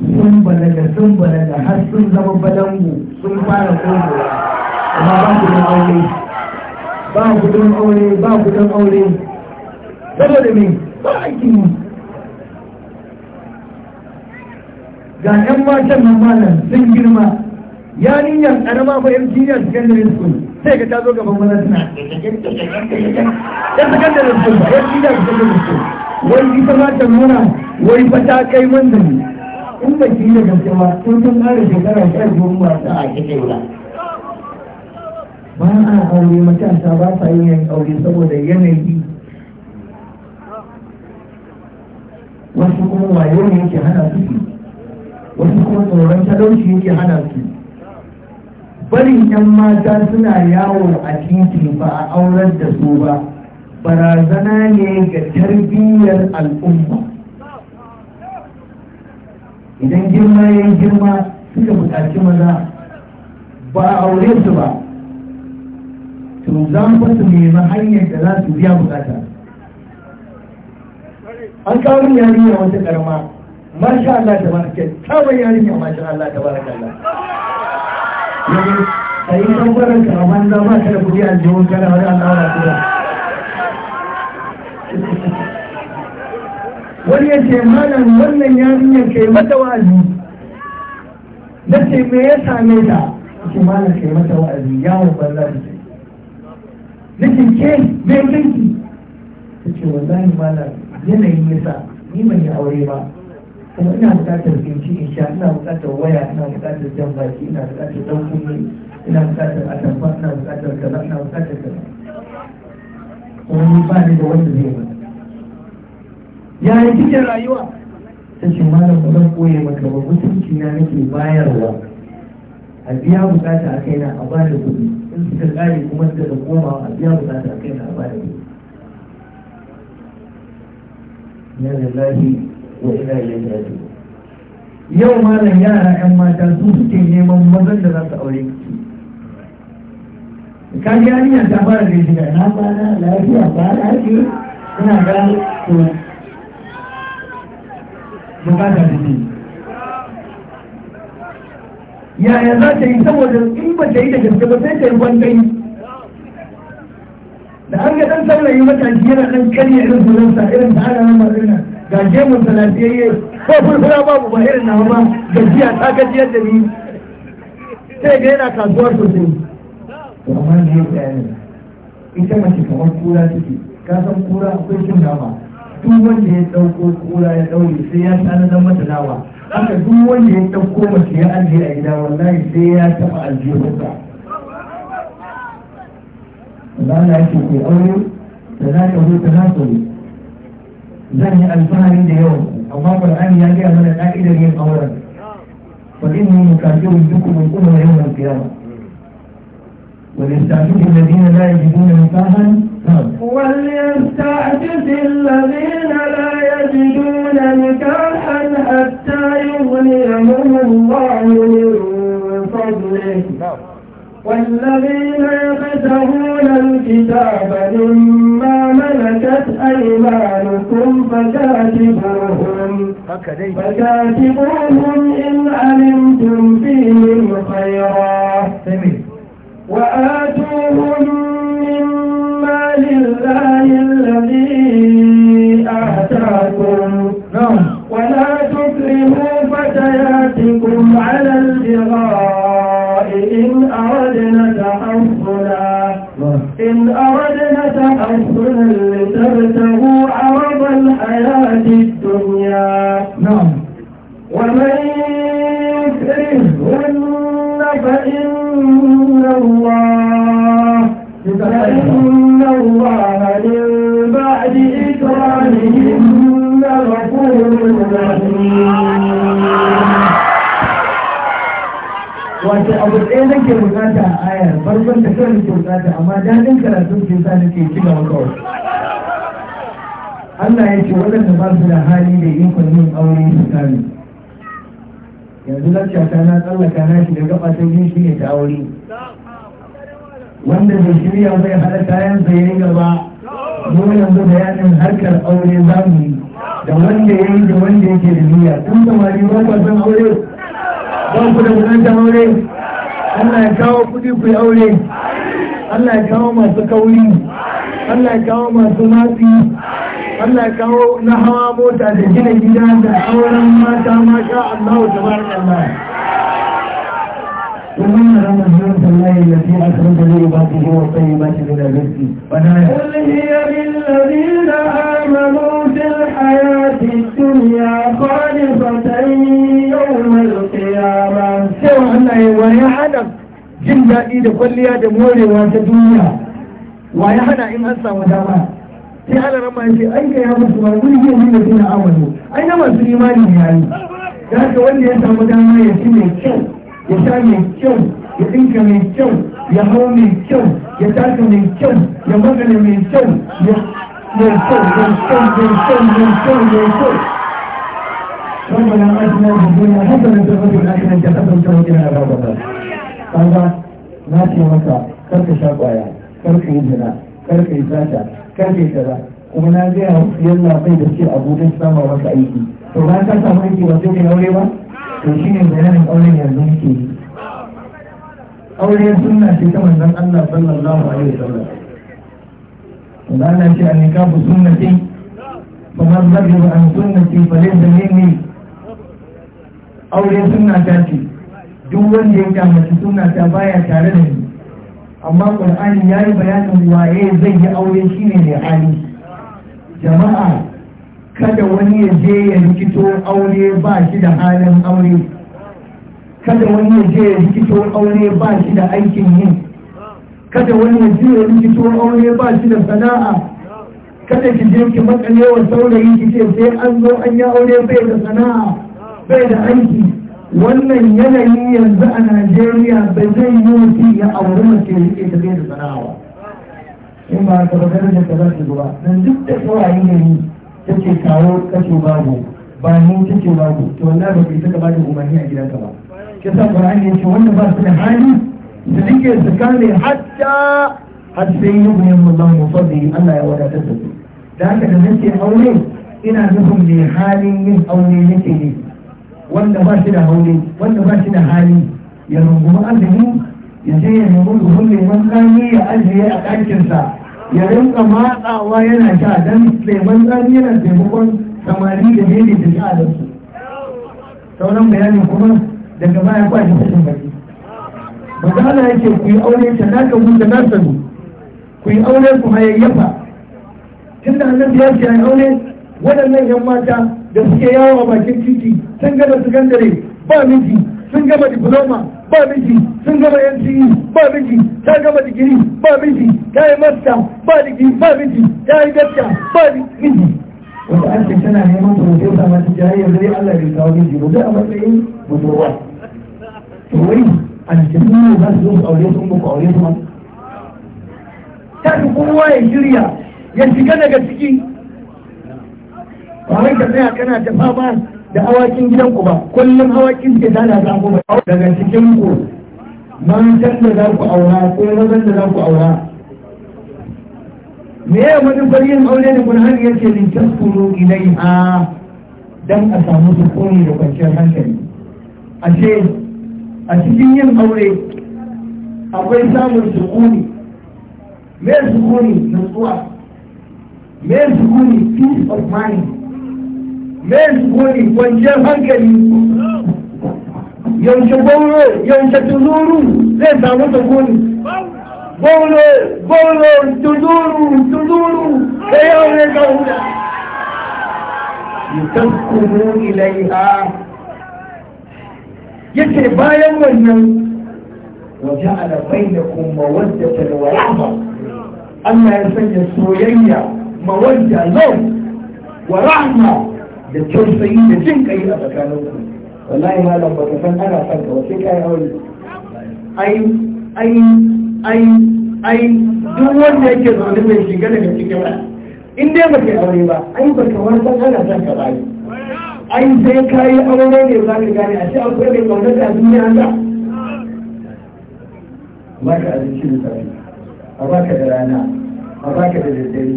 sun balaga sun balaga har sun zama balangu sun fara kogowa amma ba ku don aure ba ku don aure ba ku don aure saboda me ba aiki ne ga 'yan matan nan malam sun girma yarinyar ƙarama ko yan junior secondary school sai ka tazo gaban maza suna yan secondary school ba yan junior secondary school wai ita ma ta nuna wai fa ta kai manzanni inda ba ki da gaske ba sun sun ƙara shekara sha biyu ba sa a kike ba ba a aure matasa ba sa yin aure saboda yanayi wasu kuma wayo ne yake hana su wasu kuma tsoron talauci yake hana su bari yan mata suna yawo a titi ba a aurar da su ba barazana ne ga tarbiyyar al'umma idan girma ya yi girma suka buƙaci maza ba a aure su ba to za mu su nemi hanyar da za su biya bukata an kawo yarinya wata karama masha Allah da baraka kawai yarinya masha Allah da baraka Allah yayin sai kan barin karaman zama kada ku biya aljihun kana wani Allah wa wani ya ce malam wannan yarinyar kai mata wa'azi na ce me ya same ta ce malam kai mata wa'azi yawon banza da ce na ce ke me kanki ta ce wallahi malam yanayin yasa ni ban yi aure ba kuma ina buƙatar binci in sha ina buƙatar waya ina buƙatar jan baki ina buƙatar dan kunne ina buƙatar atamfa ina buƙatar kaza ina buƙatar kaza kuma ni ba ni da wanda zai mata yaya kike rayuwa ta ce malam ba zan koye maka ba mutunci na nake bayarwa a biya bukata a kaina a ba da kuɗi in suka kare kuma suka da komawa a biya bukata a kaina a ba da kuɗi ya lillahi wa ina yin raji'un yau malam yara yan mata su suke neman mazan da za su aure ki ka ji yarinya ta fara gaishe ga na kwana lafiya ba lafiya ina ga to bukata da ke yaya za ta yi saboda in ba ta yi da gaske ba sai ta yi wangani da an ga dan saurayi matashi yana ɗan karya irin sa irin da ana nan mazina ga gemun salatiyayye ko furfura babu ba irin nawa ba gajiya ta gajiyar da ni sai ga yana kasuwar sosai to amma ne ya ita mace kamar kura take ka san kura akwai cin nama duk wanda ya dauko kura ya dauke sai ya zama da dawa haka duk wanda ya dauko mace ya ajiye a gida wallahi sai ya taɓa aljihunsa Allah ya ce ke aure da za ka zo ta na ku zan yi alfahari da yawan amma Qur'ani ya gaya mana ka'idar yin auren fa inni
mukafirun bikum umma yawm al-qiyamah وليستعفف الذين لا haka dai
ya zai hada kayan yi gaba mu yanzu bayanin harkar aure zamu yi da wanda ya yi da wanda yake da niyya kun samari ba ku san aure ba ku da bukatar aure Allah ya kawo kuɗi ku yi aure Allah ya kawo masu kauri Allah ya kawo masu matsi Allah ya kawo na hawa mota da gina gida da auren mata masha Allah ta bar Allah
نزلت الليل التي أخرج لعباده والطيبات من الرزق قل هي للذين آمنوا في الحياة الدنيا خالصة يوم القيامة سوى الله ويا عدم jin daɗi da kwalliya da morewa ta duniya
wa ya hana in an samu dama sai ana rama ya ce aika ya musu ba guri ke nuna suna awalo ai na masu imani ne yayi da haka wanda ya samu dama ya ci mai kyau ya sha mai kyau ya ɗinka mai kyau ya hau mai kyau ya taka mai kyau ya magana mai kyau ya mai kyau mai kyau mai kyau mai kyau mai kyau ربنا آتنا في الدنيا na وفي الآخرة حسنة وقنا عذاب النار. هذا ما في مكة كرك شاقايا كرك يزنا كرك يزاتا yi كذا kuma na gaya yalla bai da ce abokin sama maka aiki to ba ka samu aiki ba sai kai aure ba to shine bayanin auren yanzu muke yi aure sunna ce ta manzon Allah sallallahu alaihi wasallam wanda Allah ce an nikahu sunnati fa man radiya an sunnati fa da minni aure sunna ta ce duk wanda ya shi sunna ta baya tare da ni amma qur'ani yayi bayanin waye zai yi aure shine mai hali jama'a kada wani ya je ya rikito aure ba shi da halin aure kada wani ya je ya rikito aure ba shi da aikin yi kada wani ya je ya rikito aure ba shi da sana'a kada ki je ki makale wa saurayi ki ce sai an zo an ya aure bai da sana'a bai da aiki wannan yanayi yanzu a Najeriya bai zai yi mutum ya aure mace ya rike ta bai da sana'a ba in ba ka ba da ta za ta zuwa dan duk da tsawaye ne ni take kawo kaso babu ba ni take babu to wallahi ba kai ta ba umarni a gidanka ba shi sa ya ce wanda ba su da hali su rike su kame hatta har sai yi buyan Allah musalli Allah ya wadatar da su da haka da nake aure ina nufin mai halin yin aure nake ne wanda ba shi da aure wanda ba shi da hali ya rungumi azumi ya je ya nemi buhun leman tsami ya ajiye a ɗakinsa ya rinka matsawa yana sha don leman tsami yana taimakon samari da daidai da sha su sauran bayani kuma daga baya ba shi cikin baki maza Allah yake ku yi aure ta naka mu da nasa ne ku yi aure ku hayayyafa tunda annabi ya ce aure waɗannan yan mata da suke yawo a bakin titi sun gama sakandare ba miji sun gama diploma ba miji sun gama yanci e, ba miji ta gama digiri ba miji ta yi masta ba digiri ba miji ta yi gaska ba miji wanda an ce tana neman profesa masu jayayyar zai Allah ya kawo miji ba a matsayin budurwa to wai aljanu ne za su zo su aure su ba ku aure su ma ta fi kowa ya shirya ya shiga daga ciki ba wai ka tsaya kana ta fama da awakin gidanku ba kullum awakin ke tada za ku ba daga cikin ku matan da za ku aura ko mazan da za ku aura me ya manufar yin aure da burhan ya ce lin taskuru ilaiha dan a samu sukuni da kwanciyar hankali a ce a cikin yin aure akwai samun sukuni me sukuni nutsuwa me sukuni peace of mind
me sukuni kwanciyar hankali yaushe gwauro yaushe tunuru zai samu sukuni بولو بولو انتظروا انتظروا سيوم الجولة
لتسكنوا إليها يتي بايا ونن وجعل بينكم مودة ورحمة أما يسجل سويا مودة نوم ورحمة لتشوف للتوسعي لجنك أي أتكالوكم والله ما لم تفن أنا فنك وسيك يا أولي أي أي ai ai duk wanda yake zaune mai shiga daga cikin ba in dai ba ke aure ba ai ba ka wani san ana son ka ba ai sai ka yi aure ne za ka gane a ce an mai ƙaunar da duniya ta ba ka abinci da safe a ba ka da rana a ba ka da daddare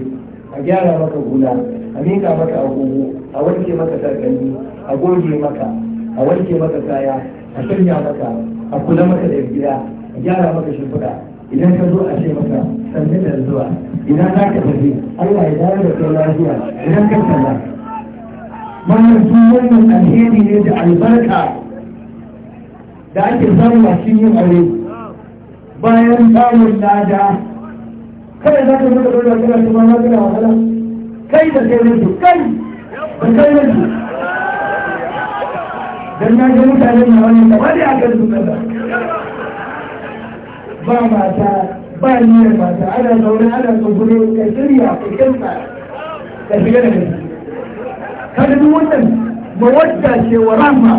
a gyara maka hula a miƙa maka agogo a wanke maka sarƙani a goge maka a wanke maka kaya a shirya maka a kula maka da gida a gyara maka shimfiɗa idan ka zo a ce maka sannu da zuwa idan za ka tafi Allah ya dawo da kai lafiya idan ka tsalla wannan su wannan alheri ne da albarka da ake samu a cikin yin aure bayan samun lada kada za ka zuka dole kana kuma ma kana wahala kai da kai ne kai da kai ne dan na ga mutane na wani kamar ya ga su kaza ba mata ba niyyar mata ana zaune ana tsogure ka shirya ka kirka ka shiga da gaske kada duk wannan mawadda ce wa rahma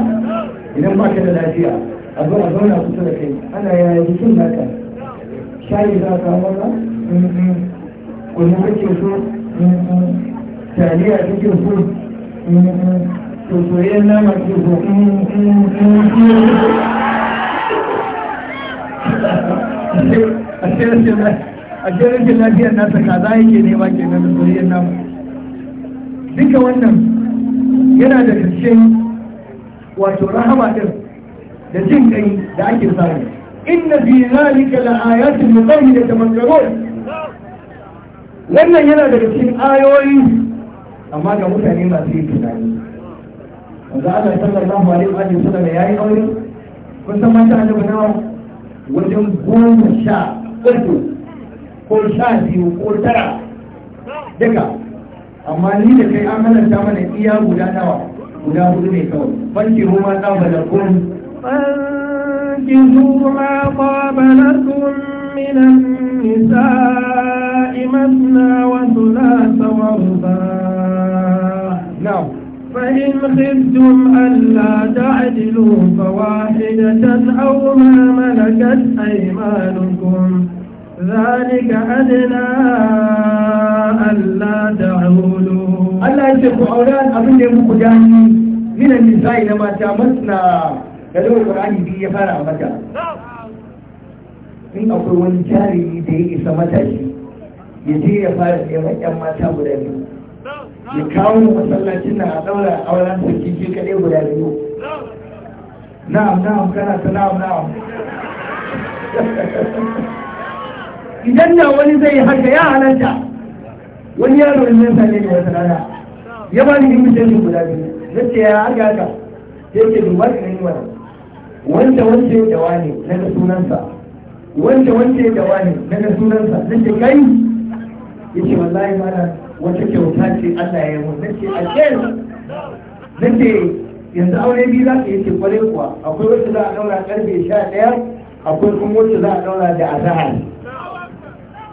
idan ba ka da lafiya a zo a zauna kusa da kai ana yaya jikin naka shayi za ka maka kunu kake so taliya kake so to soyayyen nama ke so a rashin lafiyar nasa kaza yake nema ke na da soyayyar namu duka wannan yana da cikin wato rahama din da jin kai da ake samu inna fi zalika la ayatin li qaumin yatafakkarun
wannan yana da cikin ayoyi
amma ga mutane masu yin tunani wanda Allah sallallahu alaihi wa sallam yayi aure kun san mata annabi nawa wajen goma sha uku ko sha biyu ko tara duka amma ni da kai an halatta mana iya guda nawa guda hudu ne kawai banki ruwa ta bada kun
فانكحوا ما طاب لكم من النساء مثنى وثلاث ورباع نعم فإن خفتم ألا تعدلوا فواحدة أو ما ملكت أيمانكم ذلك أدنى ألا تعولوا ألا يشركوا أولاد
أبن يمكو جاني من النساء لما تامسنا كذلك القرآن بي يفارع متى in akwai wani jarumi da ya isa matashi ya je ya fara neman 'yan mata guda biyu ya kawo masallacin nan a daura a wurin sarki ke kaɗai guda biyu na'am na'am kana ta na'am na'am idan da wani zai yi haka ya halarta wani yaro in yasa ne da wata rana ya ba ni invitation guda biyu na ce ya haka haka sai ce duba ka gani wannan wanda wanda da ne na ga sunansa wanda wanda da ne na ga sunansa na ce kai ya ce wallahi mana wata ce Allah ya mun nace a ce nace yanzu aure biyu za ka yi ce kwarai kuwa akwai wacce za a daura karfe sha ɗaya akwai kuma wacce za a daura da azahar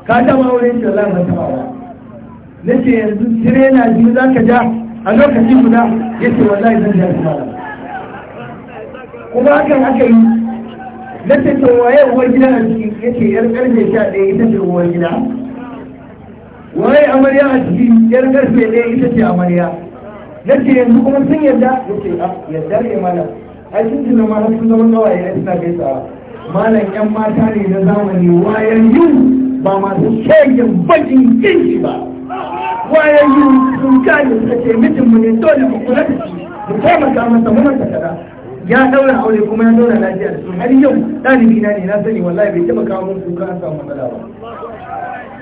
ka taɓa aure shi Allah na taɓa ba nace yanzu tire na biyu za ka ja a lokaci guda ya ce wallahi zan ja kuma kuma hakan aka yi nace to waye uwar gida a ciki ya ce yar karfe sha ɗaya ita ce uwar gida waye amarya a cikin yar karfe ne ita ce amarya na ce yanzu kuma sun yarda ya ce a ah, yarda ne mana a cikin tuna ma har sun zama gawaye na suna gaisawa malam yan mata ne na zamani wayan yi ba masu shagen bakin kinshi ba wayan yi sun gane suka ce mijin mu ne dole mu kula da shi mu taimaka masa mu masa kada ya daura aure kuma ya daura lafiya da su har yau ɗalibi na ne na sani wallahi bai kawo mun kuka an samu matsala ba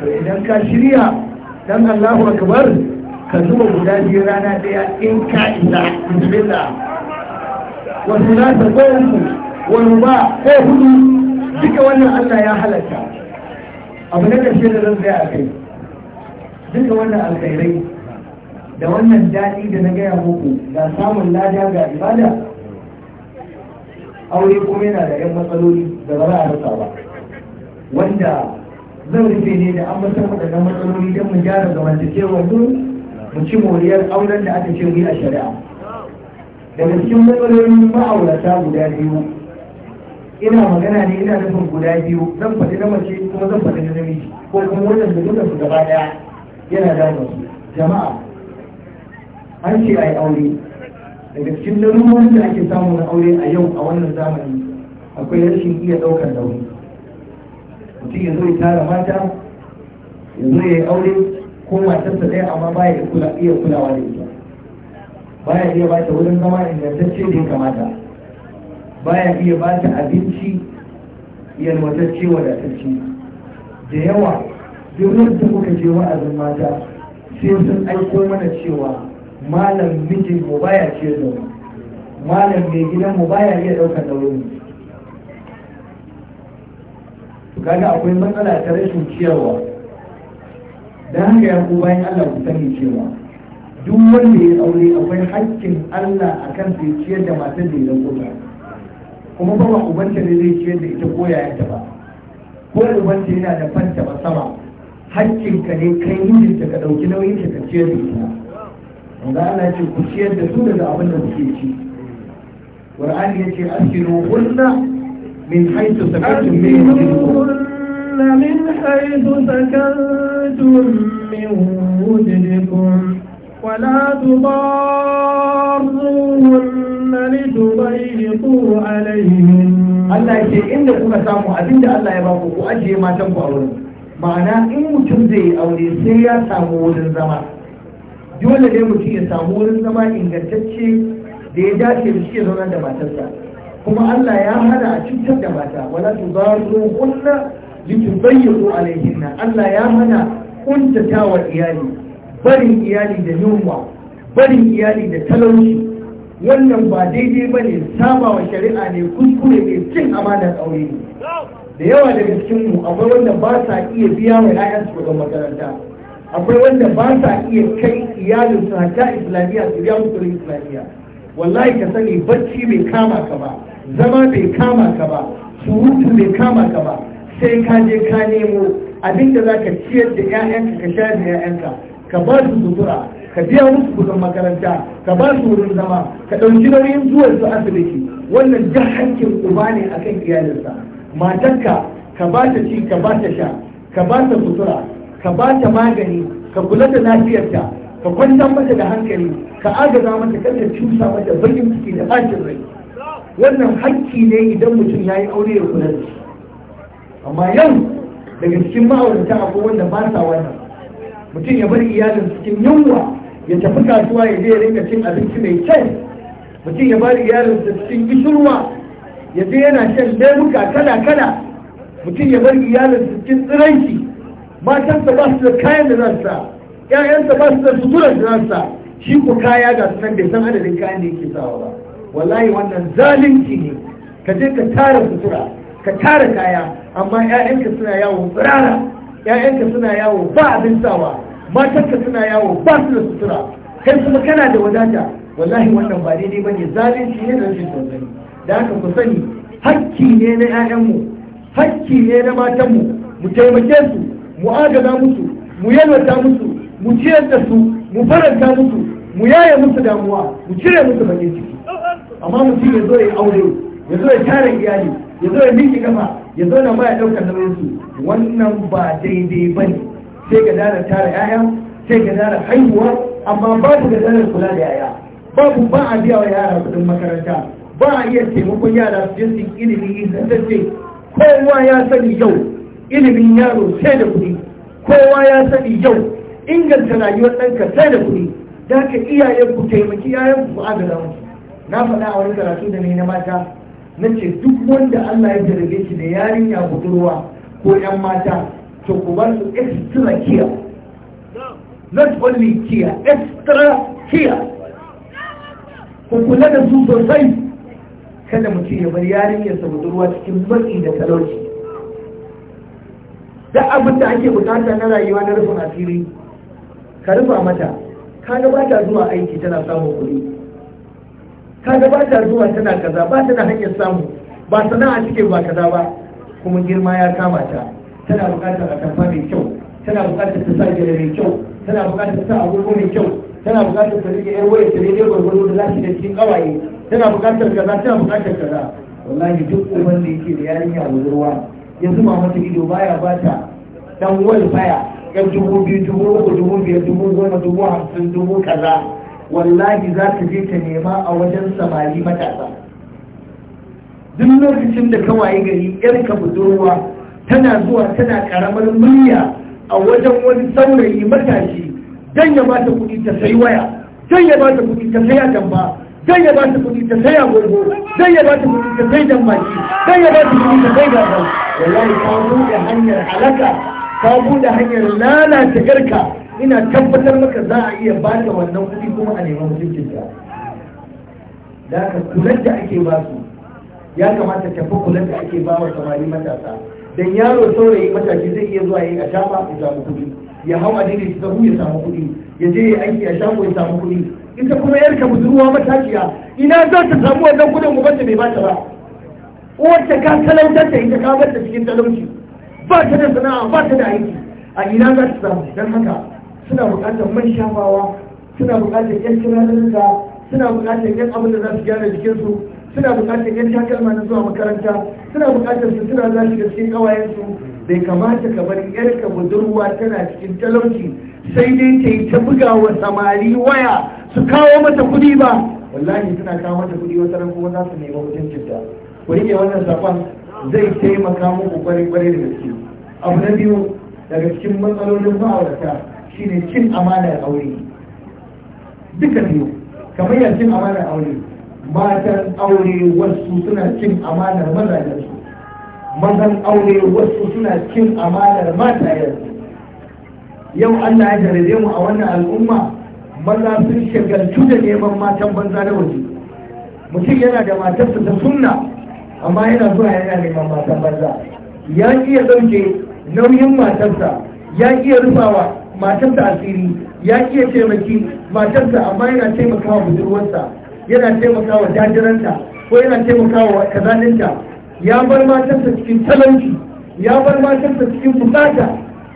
to idan ka shirya dan Allahu akbar ka zuba guda biyu rana daya in ka isa bismillah wa sunata qawmu wa ruba ko hudu duka wannan Allah ya halatta abu na karshe da zan tsaya a kai duka wannan alkhairai da wannan daɗi da na gaya muku da samun lada ga ibada aure kuma yana da 'yan matsaloli da ba za a rasa ba wanda zan rufe ne da an ambatar waɗannan matsaloli don mu gyara zamantakewar mu mu ci moriyar auren da aka ce mu a shari'a daga cikin matsaloli, ma'aurata guda biyu ina magana ne ina nufin guda biyu zan faɗi na mace kuma zan faɗi na namiji ko kuma wajen da duka su gaba ɗaya yana da su jama'a an ce a yi aure daga cikin lalurorin da ake samu na aure a yau a wannan zamani akwai rashin iya ɗaukar nauyi mutum ya zo ya tara mata ya zo ya yi aure ko matarsa ɗaya amma ba ya iya kulawa da ita ba ya iya bata wurin zama ingantacce da ya kamata ba ya iya bata abinci yalwatacce wadatacce da yawa duk da kuka je wa'azin mata sai sun aiko mana cewa malam mijin mu baya ciyar da mu malam mai gidan mu baya iya ɗaukar nauyin kaga akwai matsala ta rashin ciyarwa da haka ya ku bayan Allah ku sani cewa duk wanda ya aure akwai haƙƙin Allah akan sai ciyar da matar da ya dauko kuma ba ubanta ne zai ciyar da ita ko yayanta ba ko ubanta yana da fanta ba sama haƙƙin ka ne kai mijinta ka ɗauki nauyin ka ciyar da ita wanda Allah ce ku ciyar da su daga abin da kuke ci Qur'ani ya ce asiru
hunna من حيث سكنتم من وجدكم من حيث سكنتم من وجدكم ولا تضاروهن لتضيقوا عليهم
Allah ya ce inda kuka samu abinda Allah ya ba ku ku ajiye matan ku a wurin ma'ana in mutum zai yi aure sai ya samu wurin zama dole ne mutum ya samu wurin zama ingantacce da ya dace da shi ya zauna da matarsa kuma Allah ya hana a cutar da mata wala tudaru kunna litubayyidu alaihinna Allah ya hana kuntatawa iyali barin iyali da yunwa barin iyali da talauci wannan ba daidai ba ne saba wa shari'a ne kuskure mai cin amanar aure ne da yawa daga cikinmu akwai wanda ba sa iya biya wa 'ya'yansu kuɗin makaranta akwai wanda ba sa iya kai iyalinsu hatta islamiyya su biya musu islamiyya wallahi ka sani bacci bai kama ka ba zama bai kama ka ba surutu bai kama ka ba sai ka je ka nemo abinda za ka ciyar da 'ya'yanka ka shayar da 'ya'yanka ka ba su sutura ka biya musu kudin makaranta ka ba su wurin zama ka ɗauki nauyin zuwan su asibiti wannan duk hankin uba ne a kan iyalinsa matarka ka ba ta ci ka ba ta sha ka ba ta sutura ka ba ta magani ka kula da lafiyarta ka kwantar mata da hankali ka agaza mata kar ka cusa mata bakin ciki da bacin rai wannan hakki ne idan mutum ya yi aure ya kula da shi amma yau daga cikin ma'aurata ko wanda ba sa wannan mutum ya bar iyalin cikin yunwa ya tafi kasuwa ya je ya rinka cin abinci mai kyau mutum ya bar iyalinsa cikin gishirwa ya je yana shan lemuka kala kala mutum ya bar iyalin cikin tsiranci matarsa ba su da kayan da za su sa ƴaƴansa ba su da suturar da za su sa shi ko kaya ga sunan bai san adadin kayan da yake sawa ba wallahi wannan zalunci ne ka je ka tara sutura ka tara kaya amma 'ya'yanka suna yawo tsirara 'ya'yanka suna yawo ba abin sawa matanka suna yawo ba su da sutura kai kuma kana da wadata wallahi wannan ba daidai ba ne zalunci ne da rashin tausayi da haka ku sani hakki ne na 'ya'yanmu hakki ne na matanmu mu taimake su mu agaza musu mu yalwata musu mu ciyar da su mu faranta musu mu yaye musu damuwa mu cire musu bakin ciki amma mutum ya zo ya aure ya zo ya tara iyali ya zo ya miki kafa ya zo na ma ya ɗaukar su wannan ba daidai ba ne sai ka dara tara yaya sai ka dara haihuwa amma ba babu da dara kula da yaya babu ba a biya wa yara kuɗin makaranta ba a iya taimakon yara su je su ilimi ingantacce kowa ya sani yau ilimin yaro sai da kuɗi kowa ya sani yau inganta rayuwar ɗanka sai da kuɗi da ka iyayen ku taimaki yayan ku agaza musu na faɗa a wani karatu da ne na mata na ce duk wanda Allah ya jirage shi da yarinya budurwa ko 'yan mata to ku ba su extra kiya not only kiya extra kiya ku kula da su sosai kada mutum ya bar yarinyarsa budurwa cikin matsi da talauci Da abin da ake bukata na rayuwa na rufin asiri ka rufa mata ka ga ba zuwa aiki tana samun kuɗi kaga ba ta zuwa tana kaza ba ta da hanyar samu ba sana'a take ba kaza ba kuma girma ya kama ta tana buƙatar atamfa mai kyau tana buƙatar ta sa gida mai kyau tana buƙatar ta sa agogo mai kyau tana buƙatar ta rike yar wayar ta daidai gwargwado da za ta da cikin ƙawaye tana buƙatar kaza tana buƙatar kaza wallahi duk uban da yake da yarinya ruwa ya zuma mata ido baya bata dan wal baya yan dubu biyu dubu uku dubu biyar dubu goma dubu hamsin dubu kaza wallahi za ta je ta nema a wajen samari matasa
duk lokacin da
ka waye gari yar ka budurwa tana zuwa tana karamar murya a wajen wani saurayi matashi dan ya bata kuɗi ta sai waya dan ya bata kuɗi ta sai adamba dan ya bata kuɗi ta sai agogo dan ya bata kuɗi ta sai dambaki dan ya bata kuɗi ta sai gaba wallahi ka buɗe hanyar halaka ka buɗe hanyar lalata yarka ina tabbatar maka za a iya ba da wannan kuɗi kuma a neman mutuncin ta da aka kulan da ake ba su ya kamata tafi kulan da ake ba wa samari matasa don yaro saurayi matashi zai iya zuwa yin ashaba ya samu kuɗi ya hau adini ta ya samu kuɗi ya je ya aiki a shago ya samu kuɗi ita kuma yarka budurwa matashiya ina za ta samu wannan kuɗin ubanta bai bata ba uwarta ka talautar ta ita ka bar ta cikin talauci ba ta da sana'a ba ta da aiki a ina za ta samu don haka suna bukatar man shafawa suna buƙatar yan tunaninka suna bukatar yan abin da za su gyara jikinsu suna bukatar yan takalma na zuwa makaranta suna buƙatar sutura za su gaske kawayensu bai kamata ka bar yarka budurwa tana cikin talauci sai dai ta yi ta buga wa samari waya su kawo mata kuɗi ba wallahi suna kawo mata kuɗi wata ran kuma za su nemi mutuncinta ku rike wannan safan zai taimaka muku kwarai kwarai da gaske abu na biyu daga cikin matsalolin ma'aurata shine cin amanar aure duka biyu kamar yin cin amanar aure matan aure wasu suna cin amanar mazajensu mazan aure wasu suna cin amanar matayensu yau Allah ya jarabe mu a wannan al'umma maza sun shagaltu da neman matan banza na waje mutum yana da matarsa ta sunna amma yana zuwa yana neman matan banza ya iya ɗauke nauyin matarsa ya iya rufawa matarsa asiri ya iya taimaki matarsa amma yana taimakawa budurwarsa yana taimakawa dajiranta ko yana taimakawa kazaninta ya bar matarsa cikin talauci ya bar matarsa cikin bukata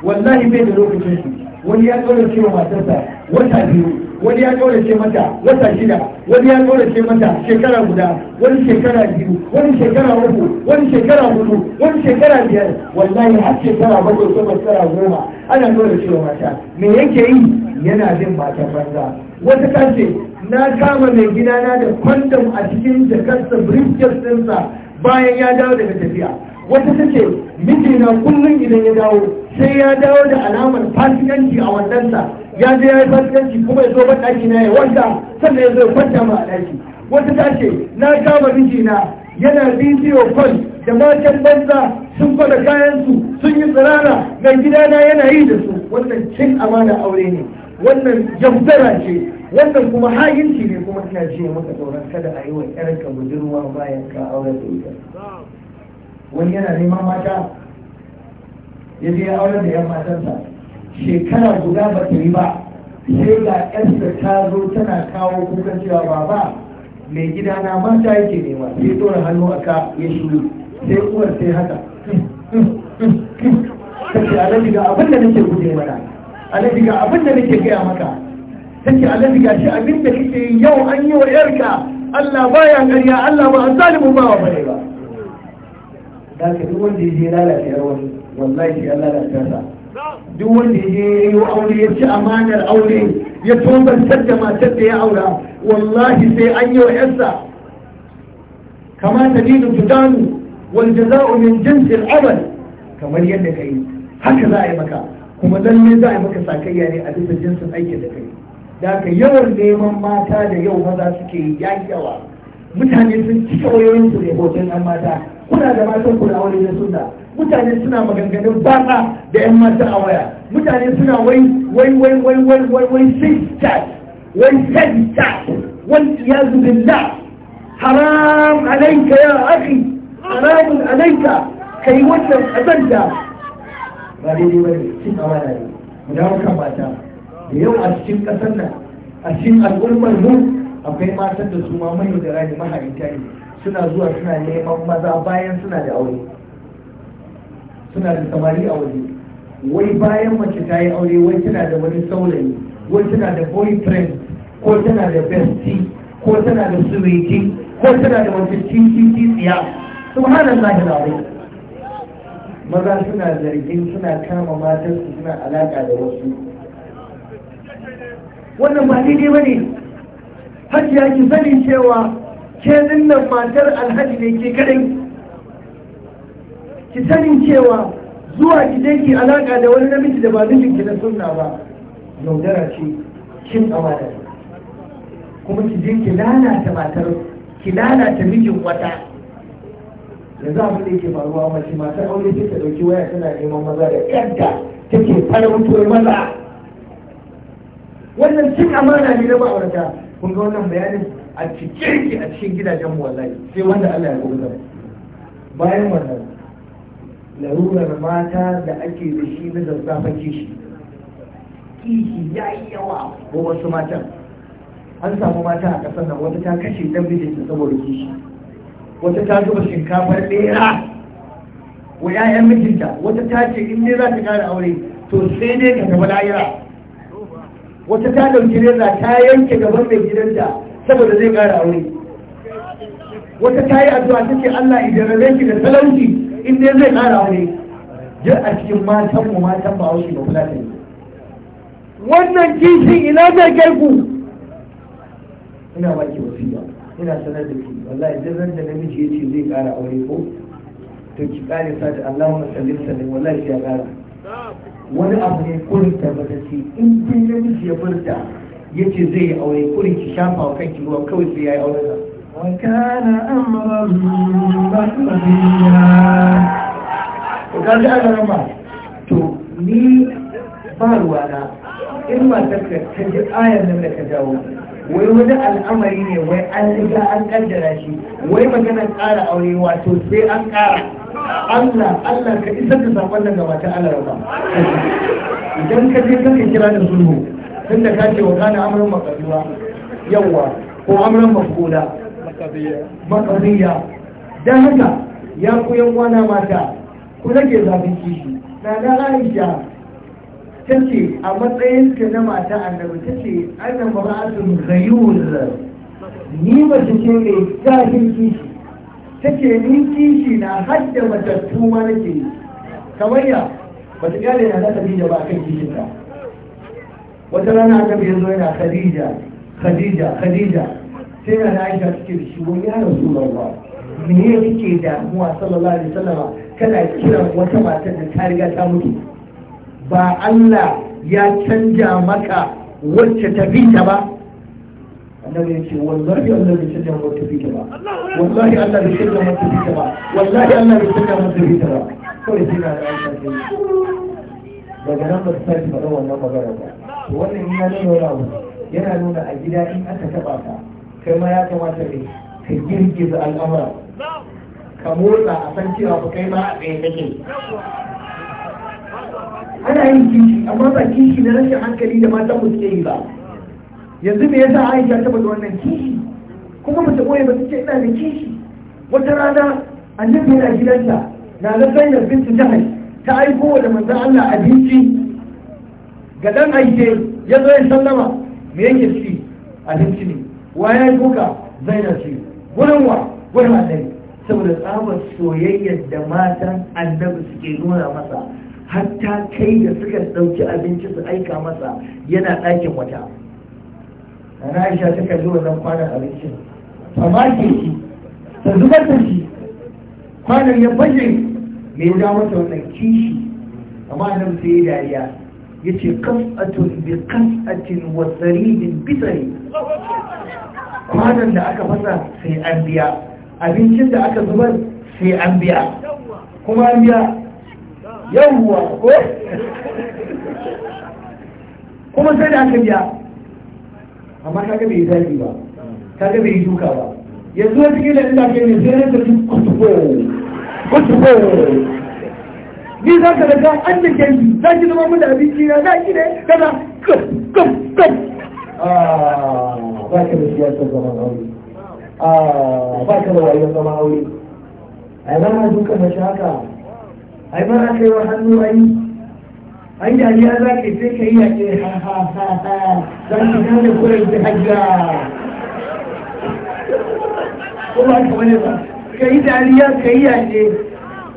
wallahi bai da lokacin wani ya tsoron cewa matarsa wata biyu wani ya ce mata wata shida wani ya ce mata shekara guda wani shekara biyu wani shekara uku wani shekara hudu wani shekara biyar wallahi har shekara bakwai ko shekara goma ana kaurace wa mata me yake yi yana jin mata banza wata ta ce na kama mai gina na da kwandam a cikin jakarsa briefcase ɗinsa bayan ya dawo daga tafiya wata ta ce mijina kullum idan ya dawo sai ya dawo da alamar fasikanci a sa. ya je ya yi fasikanci kuma ya zo ba ɗaki na ya wanda sannan ya zo ya kwanta ma a ɗaki wata ta ce na kama mijina yana bidiyo kwan da matan banza sun kwada kayansu sun yi tsirara mai gidana yana yi da su wannan cin amana aure ne wannan jamtara ce wannan kuma hayinci ne kuma ina ce maka tsoron kada a yi wa ƴarka budurwa bayan ka aure da ita wani yana neman mata ya je ya aure da 'yan matansa shekara guda ba ta yi ba sai ga yarsa ta zo tana kawo kuka cewa baba mai gida na mata yake nema sai dora hannu a ka ya shiru sai uwar sai haka ta ce alabi ga abin da nake guje mana alabi ga abin da nake gaya maka ta ce alabi ga shi abin da kake yau an yi wa yarka Allah baya ƙarya Allah ba a zalimin ba wa bane ba da ka duk wanda ya je lalace wani wallahi shi Allah na tasa duk wanda ya yi aure ya ci amanar aure ya tobantar da matar da ya aura wallahi sai an yi wa yarsa kama ta dinu wanda za jaza'u min jinsil amal kamar yadda yi haka za a yi maka kuma lalle za a yi maka sakayya ne a bisa jinsin aikin da kai da haka yawan neman mata da yau maza suke yi ya yawa mutane sun cika wayoyin su ne hoton yan mata kuna da matan ku da aure sunna mutane suna maganganun baka da yan mata a waya mutane suna wai wai wai wai wai wai wai sex chat wai sex chat wal iyazu billah haram alayka ya akhi haram alayka kai wannan azanta ba daidai ba ne cin amana ne mu dawo kan mata da yau a cikin kasar nan a cikin al'ummar mu akwai matan da su ma mai da rani maharinta ne suna zuwa suna neman maza bayan suna da aure suna da samari a waje wai bayan mace ta yi aure wai tana da wani saurayi wai tana da boyfriend ko tana da besti ko tana da suriki ko tana da wata cikin tsiya subhanallahi alazim maza suna zargin suna kama matan su suna alaka da wasu wannan ba daidai bane hajji ya ki sani cewa ke dinnan matar alhaji ne ke kadai ki sanin cewa zuwa ki je ki alaka da wani namiji da ba mijin ki na sunna ba yaudara ce kin amana kuma ki je ki lalata matar ki lalata mijin wata Da za mu ke faruwa mace matar aure take dauki waya tana neman maza da yadda take mutuwar maza wannan cin amana ne na ma'aurata kun ga wannan bayanin a cikin a cikin gidajen mu wallahi sai wanda Allah ya kubuta bayan wannan larurar mata da ake da shi na zazzafa kishi kishi ya yi yawa ko wasu matan an samu mata a ƙasar nan wata ta kashe dan mijinta saboda kishi wata ta zuba shinkafar ɗera wa 'ya'yan mijinta wata ta ce in ne za ta kare aure to sai ne ka gaba layira. wata ta ɗauki reza ta yanke gaban mai gidanta saboda zai kare aure wata ta yi addu'a ta ce Allah idan rabe ki da talauci in dai zai ƙara wani ya a cikin matan mu matan ba wasu ba kula ne wannan kishin ina zai kai ku ina baki ba ina sanar da ki wallahi duk ran da namiji yace zai ƙara aure ko to ki ƙare sa da Allahumma sallim sallim wallahi ya kara wani abu ne kurin tabbatacce in kin namiji ya furta yace zai yi aure kurin ki shafa wa kanki ruwa kawai sai yayi aure sa
وكان أمرا مقتديا وقال لي أنا ما تؤمني
فارو أنا إما تكتب تجد آية لم تجاوب ويودع الأمر إني وألقى القدر أشي ويما كان القارة أو يواتو سي القارة الله الله كإسان تصفن لك ما تعالى رضا إذن كذلك كتران الظلم عندك أنت وكان أمرا مقتديا يوا وأمرا مفقودا makariya don haka ya koyan wana mata ku rage zafin kishi na na aisha ta ce a matsayinta na mata annabi ta ce ana mara'atun ghayul ni ba su ce mai zafin kishi ta ce ni kishi na hadda matattu ma nake kamar ya ba ta gane na da ba kan ta wata rana annabi ya zo yana Khadija Khadija Khadija sai na aisha suke da shi wani ya rasu lawa me ya kike damuwa sallallahu alaihi wasallama kana kiran wata matar da ta riga ta mutu ba Allah ya canja maka wacce ta bi ta ba annabi ya ce wallahi Allah bai canja maka wacce ta bi ta ba wallahi Allah bai canja maka wacce ta bi ta ba wallahi Allah bai canja maka wacce ta bi ta ba kawai sai na aisha ta yi daga nan ba ta sake faɗa wannan magana ba wannan yana nuna yana nuna a gida in aka taɓa ka kai ma ya kamata ne ka girgiza al'amura ka motsa a san cewa ba kai ma a tsaye kake ana yin kishi amma ba kishi na rashin hankali da matan mu suke yi ba yanzu me yasa Aisha ta bada wannan kishi kuma mace boye ba ce ina da kishi wata rana annabi yana gidanta na na Zainab bint ta aiko da manzon Allah abinci ga dan aike ya zo ya sallama me yake ci abinci ne ya duka zai da shi gurin wa gurin annabi saboda tsabar soyayyar da matan annabi suke nuna masa hatta kai da suka ɗauki abinci su aika masa yana ɗakin wata ana aisha ta kalli wannan kwanan abincin ta make shi ta zubar da shi kwanan ya baje me ya mata wannan kishi amma annabi sai ya dariya ya ce kas'atun bi kas'atin wa saridin bi kwanan da aka fasa sai an biya abincin da aka zubar sai an biya kuma an biya yawwa ko kuma sai da aka biya amma gabe yi zafi ba gabe yi duka ba yanzu wata gina inda ke ne sai yanzu su kutubo kutubo ni za ka daga an da kenji za ki zama mu da abinci na za
ki ne kaza kuf
kuf kuf ah. ba ka da siyasar zaman aure ah, ba ka da wayar zaman aure a ba na duka mace haka ai ba na kaiwa hannu ai ai da ya za ka sai ka yi yaƙi ha ha ha ha za ki gane kuren ki hajja ko ba ka wani ba ka yi dariya ka yi yaƙi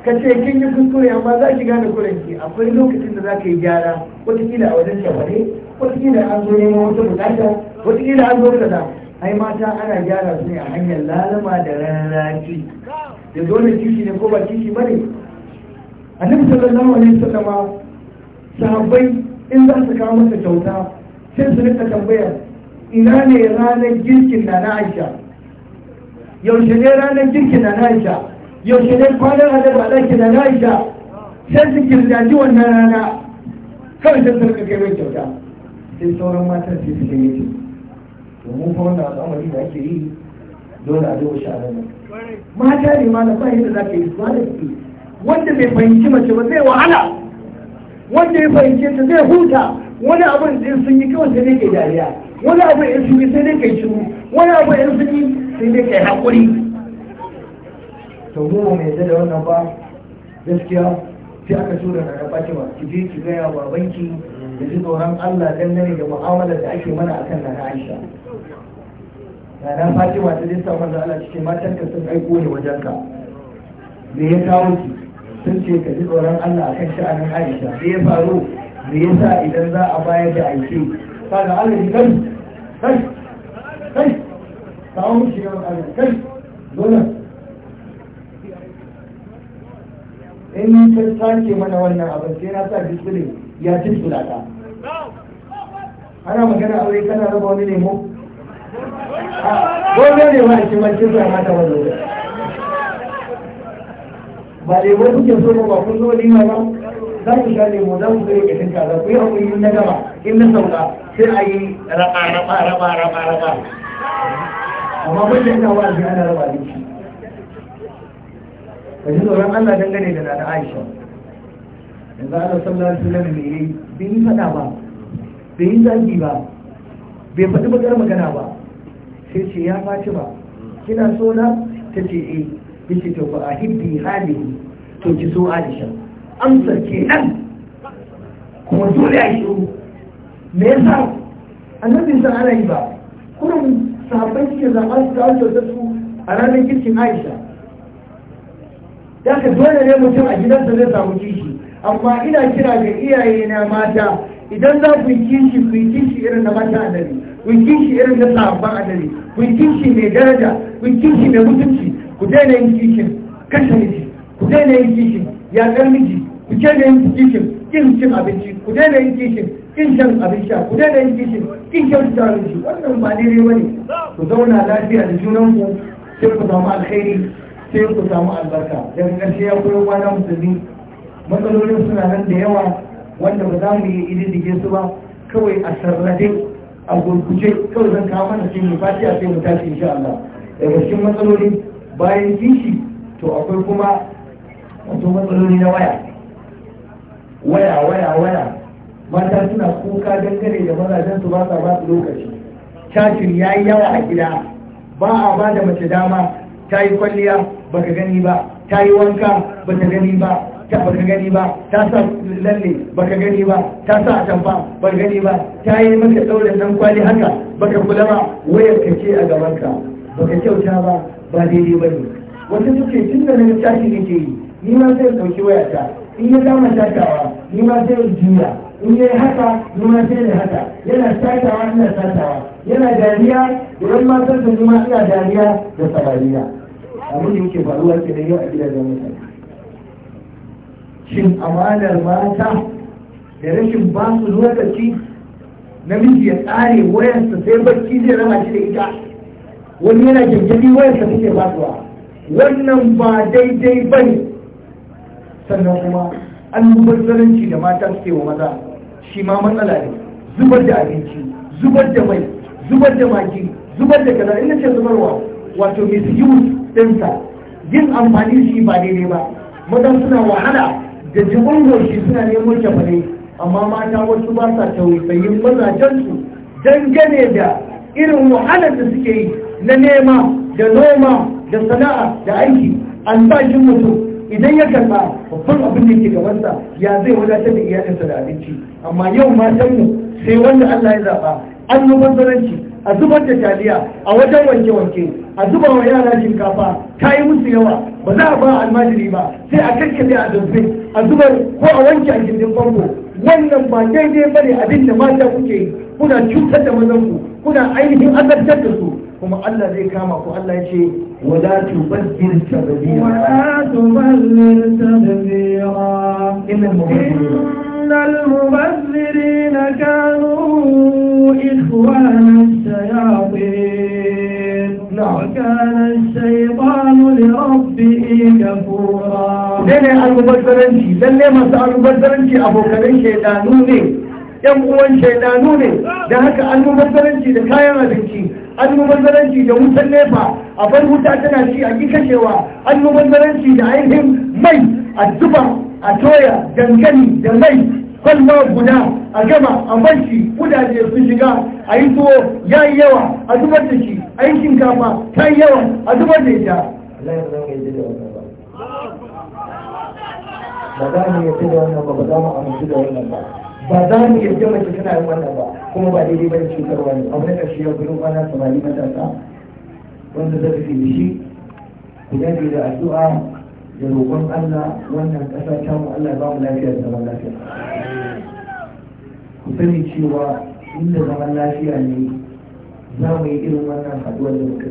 ka ce kin yi kuskure amma za ki gane kuren ki akwai lokacin da za ka yi gyara wataƙila a wajen shafare wataƙila an zo neman wata buƙata wataƙila an zo ka da ai mata ana gyara su ne a hanyar lalama da rarraki da dole kishi ne ko ba kishi ba ne A annabi sallallahu alaihi wasallam sahabbai in za su kawo masa kyauta sai su rika tambaya ina ne ranar girkin na na aisha yaushe ne ranar girkin na na aisha yaushe ne kwanar hada ba ɗakin na na aisha sai su kirjaji wannan rana kawai sai su rika kai mai kyauta sai sauran matan sai su kai domin fa wannan al'amari da ake yi dole a duba shi a nan mata ne ma na ba yadda za ka yi su da suke wanda bai fahimci mace ba zai wahala wanda ya fahimce ta zai huta wani abin in sun yi kawai sai dai kai dariya wani abin in sun yi sai dai kai shiru wani abin in sun yi sai dai kai haƙuri to mu ba mai da wannan ba gaskiya sai aka tura na ɓace ba ki je ki gaya wa banki da ji tsoron Allah dangane da mu'amalar da ake mana akan na Aisha ranar fatima ta lissa wanda ala cike matan ka sun aiko ne wajen ka me ya kawo ki sun ce ka ji tsoron allah akan sha'anin aisha me ya faru me yasa idan za a bayar da aiki kaga allah ji kai kai kai kawo mu shi yawan allah kai dole in ka sake mana wannan abin sai na sa disbilin ya ci ta ana magana aure kana raba wani lemo gobe ne ma shi mace sa mata wani ba lebo kuke so ba kun zo lima ba za mu sha lemo za mu zai kashin kaza ku yi hakuri na gama in na sauka sai a yi raba raba raba raba raba amma kun da ina wa'azi ana raba
ne ka ji tsoron Allah
dangane da na Aisha yanzu Allah sallallahu alaihi wasallam ne yayi bai yi ba bai yi ba bai faɗi bakar magana ba sai ce ya fati ba kina so na ta ce e eh. yace to ba a hibbi halihi to ki so Aisha amsar ke nan kuma dole a yi shiru me yasa annabi san ana yi ba kurum sabon suke zama su kawo kyautar su a ranar kirkin Aisha da ka dole ne mutum a gidansa zai samu kishi amma ina kira ga iyaye na mata idan za ku yi kishi ku yi kishi irin na mata annabi ku kishi irin na sahabban kun ku kishi mai daraja ku kishi mai mutunci ku daina yin kishin kashe miji ku daina yin kishin yaƙar miji ku daina yin kishin kin cin abinci ku daina yin kishin kin shan abin sha ku daina yin kishin kin shan ta wannan ba daidai bane ku zauna lafiya da junan ku sai ku samu alkhairi sai ku samu albarka daga ƙarshe ya koyo kwana musulmi matsalolin suna nan da yawa wanda ba za mu yi dige su ba kawai a sarrafe a gurguje kawai zan kawo mana cikin fati a sai mu tashi insha Allah daga cikin matsaloli bayan kishi to akwai kuma wato matsaloli na waya waya waya waya mata suna kuka dangane da mazajen su ba sa ba su lokaci cacin ya yi yawa a gida ba a ba da mace dama ta yi kwalliya ba ka gani ba ta yi wanka ba ta gani ba ta ba ka gani ba ta sa lalle ba ka gani ba ta sa atamfa ba ka gani ba ta yi maka tsaurin nan kwali haka ba ka kula ba wayar ka ce a gaban ka ba ka kyauta ba ba daidai ba ne wata suke tun da nan tashi nake yi ni ma sai ɗauki wayata in ya dama takawa ni ma sai juya in ya yi haka ni ma sai da haka yana takawa ina takawa yana dariya idan ma san ni ma ina dariya da samariya abin da yake faruwa ke da yau a gidajen mutane shin amanar mata da rashin ba su lokaci namiji ya tsare wayarsa sai barci zai rama shi da ita wani yana gyangyaɗi wayarsa take fasuwa wannan ba daidai ba ne sannan kuma an almubazzaranci da mata suke wa maza shi ma matsala ne zubar da abinci zubar da mai zubar da maki zubar da kaza ina ce zubarwa wato misuse ɗinsa yin amfani shi ba daidai ba maza suna wahala da jibin suna neman shafane amma mata wasu ba sa tausayin su dangane da irin wahalar da suke yi na nema da noma da sana'a da aiki an ba shi mutum idan ya karba babban abin da ke gabansa ya zai wadatar da iyalinsa da abinci amma yau matanmu sai wanda Allah ya zaɓa an yi zaranci a zubar da taliya a wajen wanke-wanke a zuba wa yara shinkafa ta yi musu yawa ba za a ba almajiri ba sai a kakkaɓe a dubbe a zubar ko a wanke a gindin famfo wannan ba daidai ba ne abin da mata kuke yi kuna cutar da mazanku kuna ainihin azabtar da su kuma Allah zai kama ku Allah ya ce wala tubazzir tabdira
wala tubazzir tabdira innal mubazzirina innal mubazzirina kanu ikhwana shayatin وكان الشيطان لربه كفورا
لله المبذرنشي لله ما سأل المبذرنشي أبو كريم شيطانوني yan uwan shaidanu ne da haka an da kayan abinci an mubazzaranci da wutan nefa a bar wuta tana ci a kashewa an mubazzaranci da ainihin mai a zuba a toya dankali da mai kwallo guda a gama a banci kudaje su shiga a yi tuwo ya yi yawa a zubar da shi a yi shinkafa ta yi yawa a zubar da ita ba za mu yarda da wannan ba ba za mu amince da wannan ba ba za mu yarda mace tana yin wannan ba kuma ba daidai ba da cutarwa ne abu na ƙarshe ya gurin kwana samari matasa wanda zai fi shi ku dage da addu'a da roƙon Allah wannan ƙasa ta mu Allah ba mu lafiya da zaman lafiya ku sani cewa inda zaman lafiya ne za mu yi irin wannan haɗuwar da muka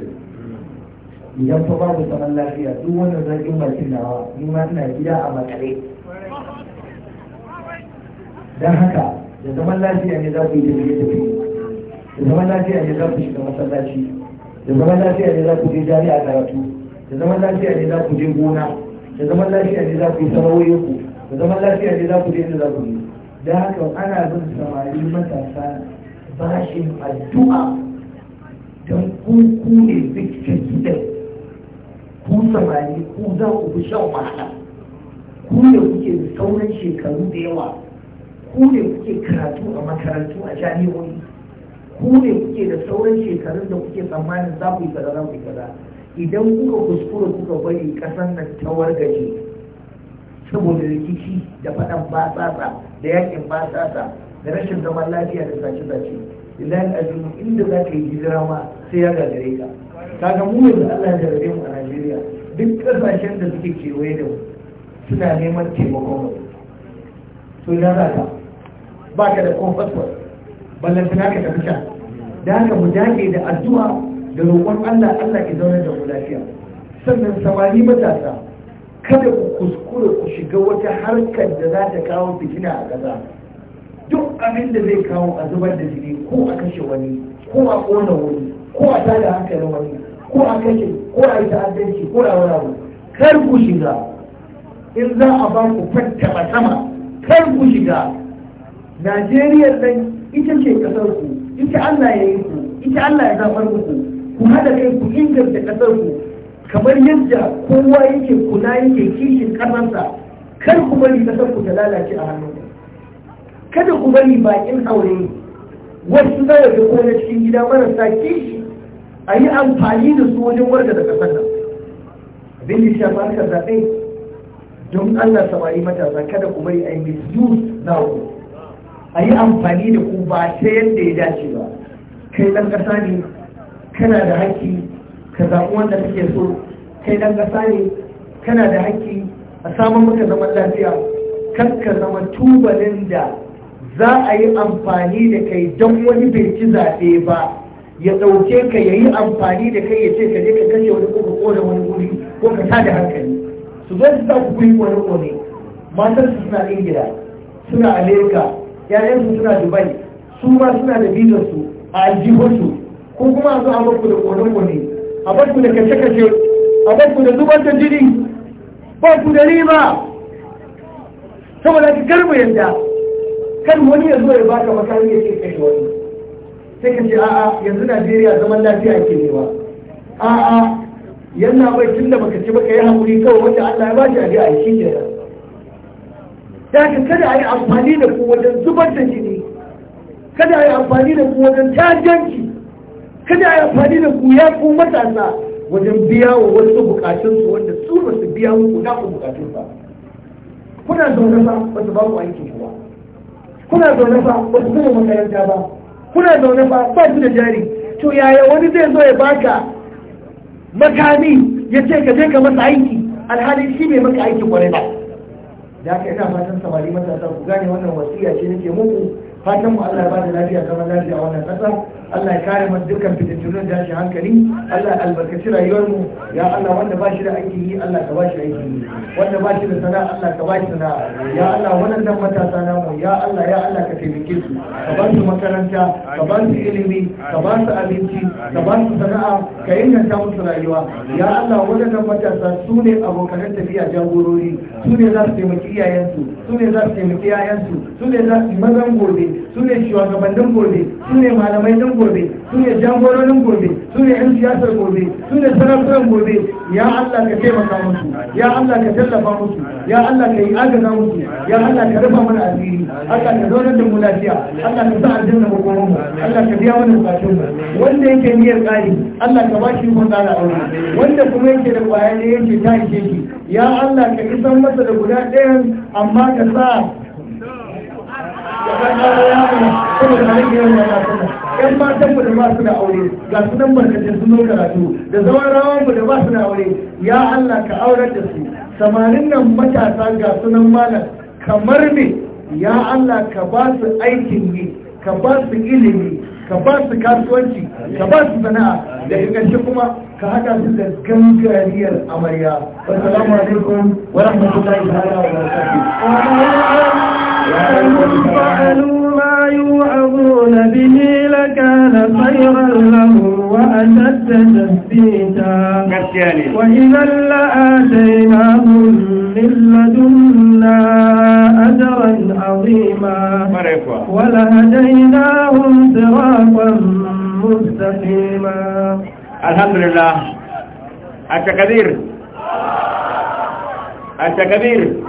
idan fa babu zaman lafiya duk wannan zaƙin bakin nawa ni ma ina gida a makare don haka da zaman lafiya ne za ku yi tafiye tafiye da zaman lafiya ne za ku shiga masallaci da zaman lafiya ne za ku je jami'a karatu da zaman lafiya ne za ku je gona da zaman lafiya ne za ku yi sarawoyin ku da zaman lafiya ne za ku daina za ku yi da haka ana bin samari matasa bashin addu'a don ku ku ne bikin gidan ku samari ku za ku fi shan wahala ku ne kuke da sauran shekaru da yawa ku ne kuke karatu a makarantu a jami'o'i ku ne kuke da sauran shekarun da kuke tsammanin za ku yi kaza za ku yi kaza idan kuka kuskure kuka bari ƙasar nan ta wargaje saboda rikici da faɗan basasa da yakin basasa da rashin zaman lafiya da sace-sace idan azumi inda za ka yi hijira ma sai ya gagare ka kaga mu yanzu Allah ya jarabe mu a Najeriya duk ƙasashen da suke kewaye da suna neman taimakon mu to idan za ka ba ka da comfort ballan suna ka tafi can da haka mu dage da addu'a da roƙon Allah Allah ya zaune da ku lafiya sannan samari matasa kada ku kuskure ku shiga wata harkar da za ta kawo fitina a ƙasa duk abin da zai kawo a zubar da jini ko a kashe wani ko a ƙona wani ko a tada hankalin wani ko a kashe ko a yi ta'addanci ko a wani kar ku shiga in za a ba ku fattaba sama kar ku shiga najeriya nan ita ce ƙasar ku ita allah ya yi ku ita allah ya zafar ku. ku haɗa kai ku inganta ƙasar ku kamar yadda kowa yake kula yake kishin ƙasarsa kar ku bari ƙasar ku ta lalace a hannun kada ku bari bakin aure wasu na ga ko na cikin gida marasa kishi a yi amfani da su wajen warga da ƙasar nan abin da shafa harkar zaɓe don allah samari matasa kada ku bari a yi misuse na ku a yi amfani da ku ba ta yadda ya dace ba kai ɗan ƙasa ne kana da haƙƙi ka zaɓi wanda kake so kai ɗan ƙasa ne kana da haƙƙi a samun maka zaman lafiya kan ka zama tubalin da za a yi amfani da kai don wani bai ci zaɓe ba ya ɗauke ka ya yi amfani da kai ya ce ka je ka kashe wani ko ka ƙona wani wuri ko ka da hankali su zo su sa ku kuri wani ƙone matar su suna ingila suna amerika yayan su suna dubai su ma suna da bizar su a su. ko kuma a zo a bakku da kone-kone a bakku da kashe-kashe a bakku da zubar da jini ba ku da riba saboda ka karbu yadda kan wani ya zo ya baka makarin ya ce kashe wani sai ka ce a'a yanzu najeriya zaman lafiya ke nema a'a yana bai tun da baka ce baka yi hakuri kawai wanda allah ya bashi a ji a shi ke da ka kada a yi amfani da ku wajen zubar da jini kada a yi amfani da ku wajen tajanci kada a amfani da ku ya ku matasa wajen biya wa wasu bukatun su wanda su ba su biya muku na ku bukatun ba kuna zaune fa ba su ba ku aiki kuwa kuna zaune fa ba su kuma makaranta ba kuna zaune fa ba su da jari to yaya wani zai zo ya baka makami ya ce ka je ka masa aiki alhali shi ne maka aiki kwarai ba da aka ina fatan samari matasa ku gane wannan wasiya ce nake muku fatan mu Allah ya bada lafiya kamar lafiya wannan kasa Allah ya kare mu dukkan fitattunan da shi hankali Allah ya albarkaci rayuwar ya Allah wanda ba shi da aikin yi Allah ka ba shi aikin yi wanda ba shi da sana'a Allah ka ba shi sana'a ya Allah wannan matasa namu ya Allah ya Allah ka taimake su ka ba su makaranta ka ba su ilimi ka ba su abinci ka ba su sana'a ka inganta musu rayuwa ya Allah wannan matasa su ne abokan tafiya jagorori su ne za su taimaki iyayensu su ne za su taimaki iyayensu su ne za su mazan gobe su ne shugabannin gobe su ne malamai dan gobe su ne jagororin gobe su ne yan siyasar gobe su ne sarakunan gobe ya Allah ka taimaka musu ya Allah ka tallafa musu ya Allah ka yi agaza musu ya Allah ka rufa mana asiri Allah ka zaunar da mu lafiya Allah ka sa aljanna mu kuma mu Allah ka biya wannan bukatun mu wanda yake niyyar tsari Allah ka bashi ko tsara aure wanda kuma yake da kwaya ne yake ta yi shi ya Allah ka isan masa da guda ɗayan amma ka sa ya ga ya mu saboda rage yawan yan matan mu da ba su da aure ga su nan barkatai sun zo karatu da zaman rawa mu da ba su da aure ya Allah ka aurar da su samarin nan matasa ga su nan malam kamar me ya Allah ka ba su aikin yi ka ba su ilimi ka ba su kasuwanci ka ba su sana'a da ƙarshe kuma ka haɗa su da gangariyar amarya assalamu alaikum wa rahmatullahi ta'ala wa
barakatuh ما يوعظون به لكان خيرا لهم وأشد تثبيتا وإذا لآتيناهم من لدنا أجرا عظيما ولهديناهم صراطا مستقيما الحمد لله
أنت كبير أنت كبير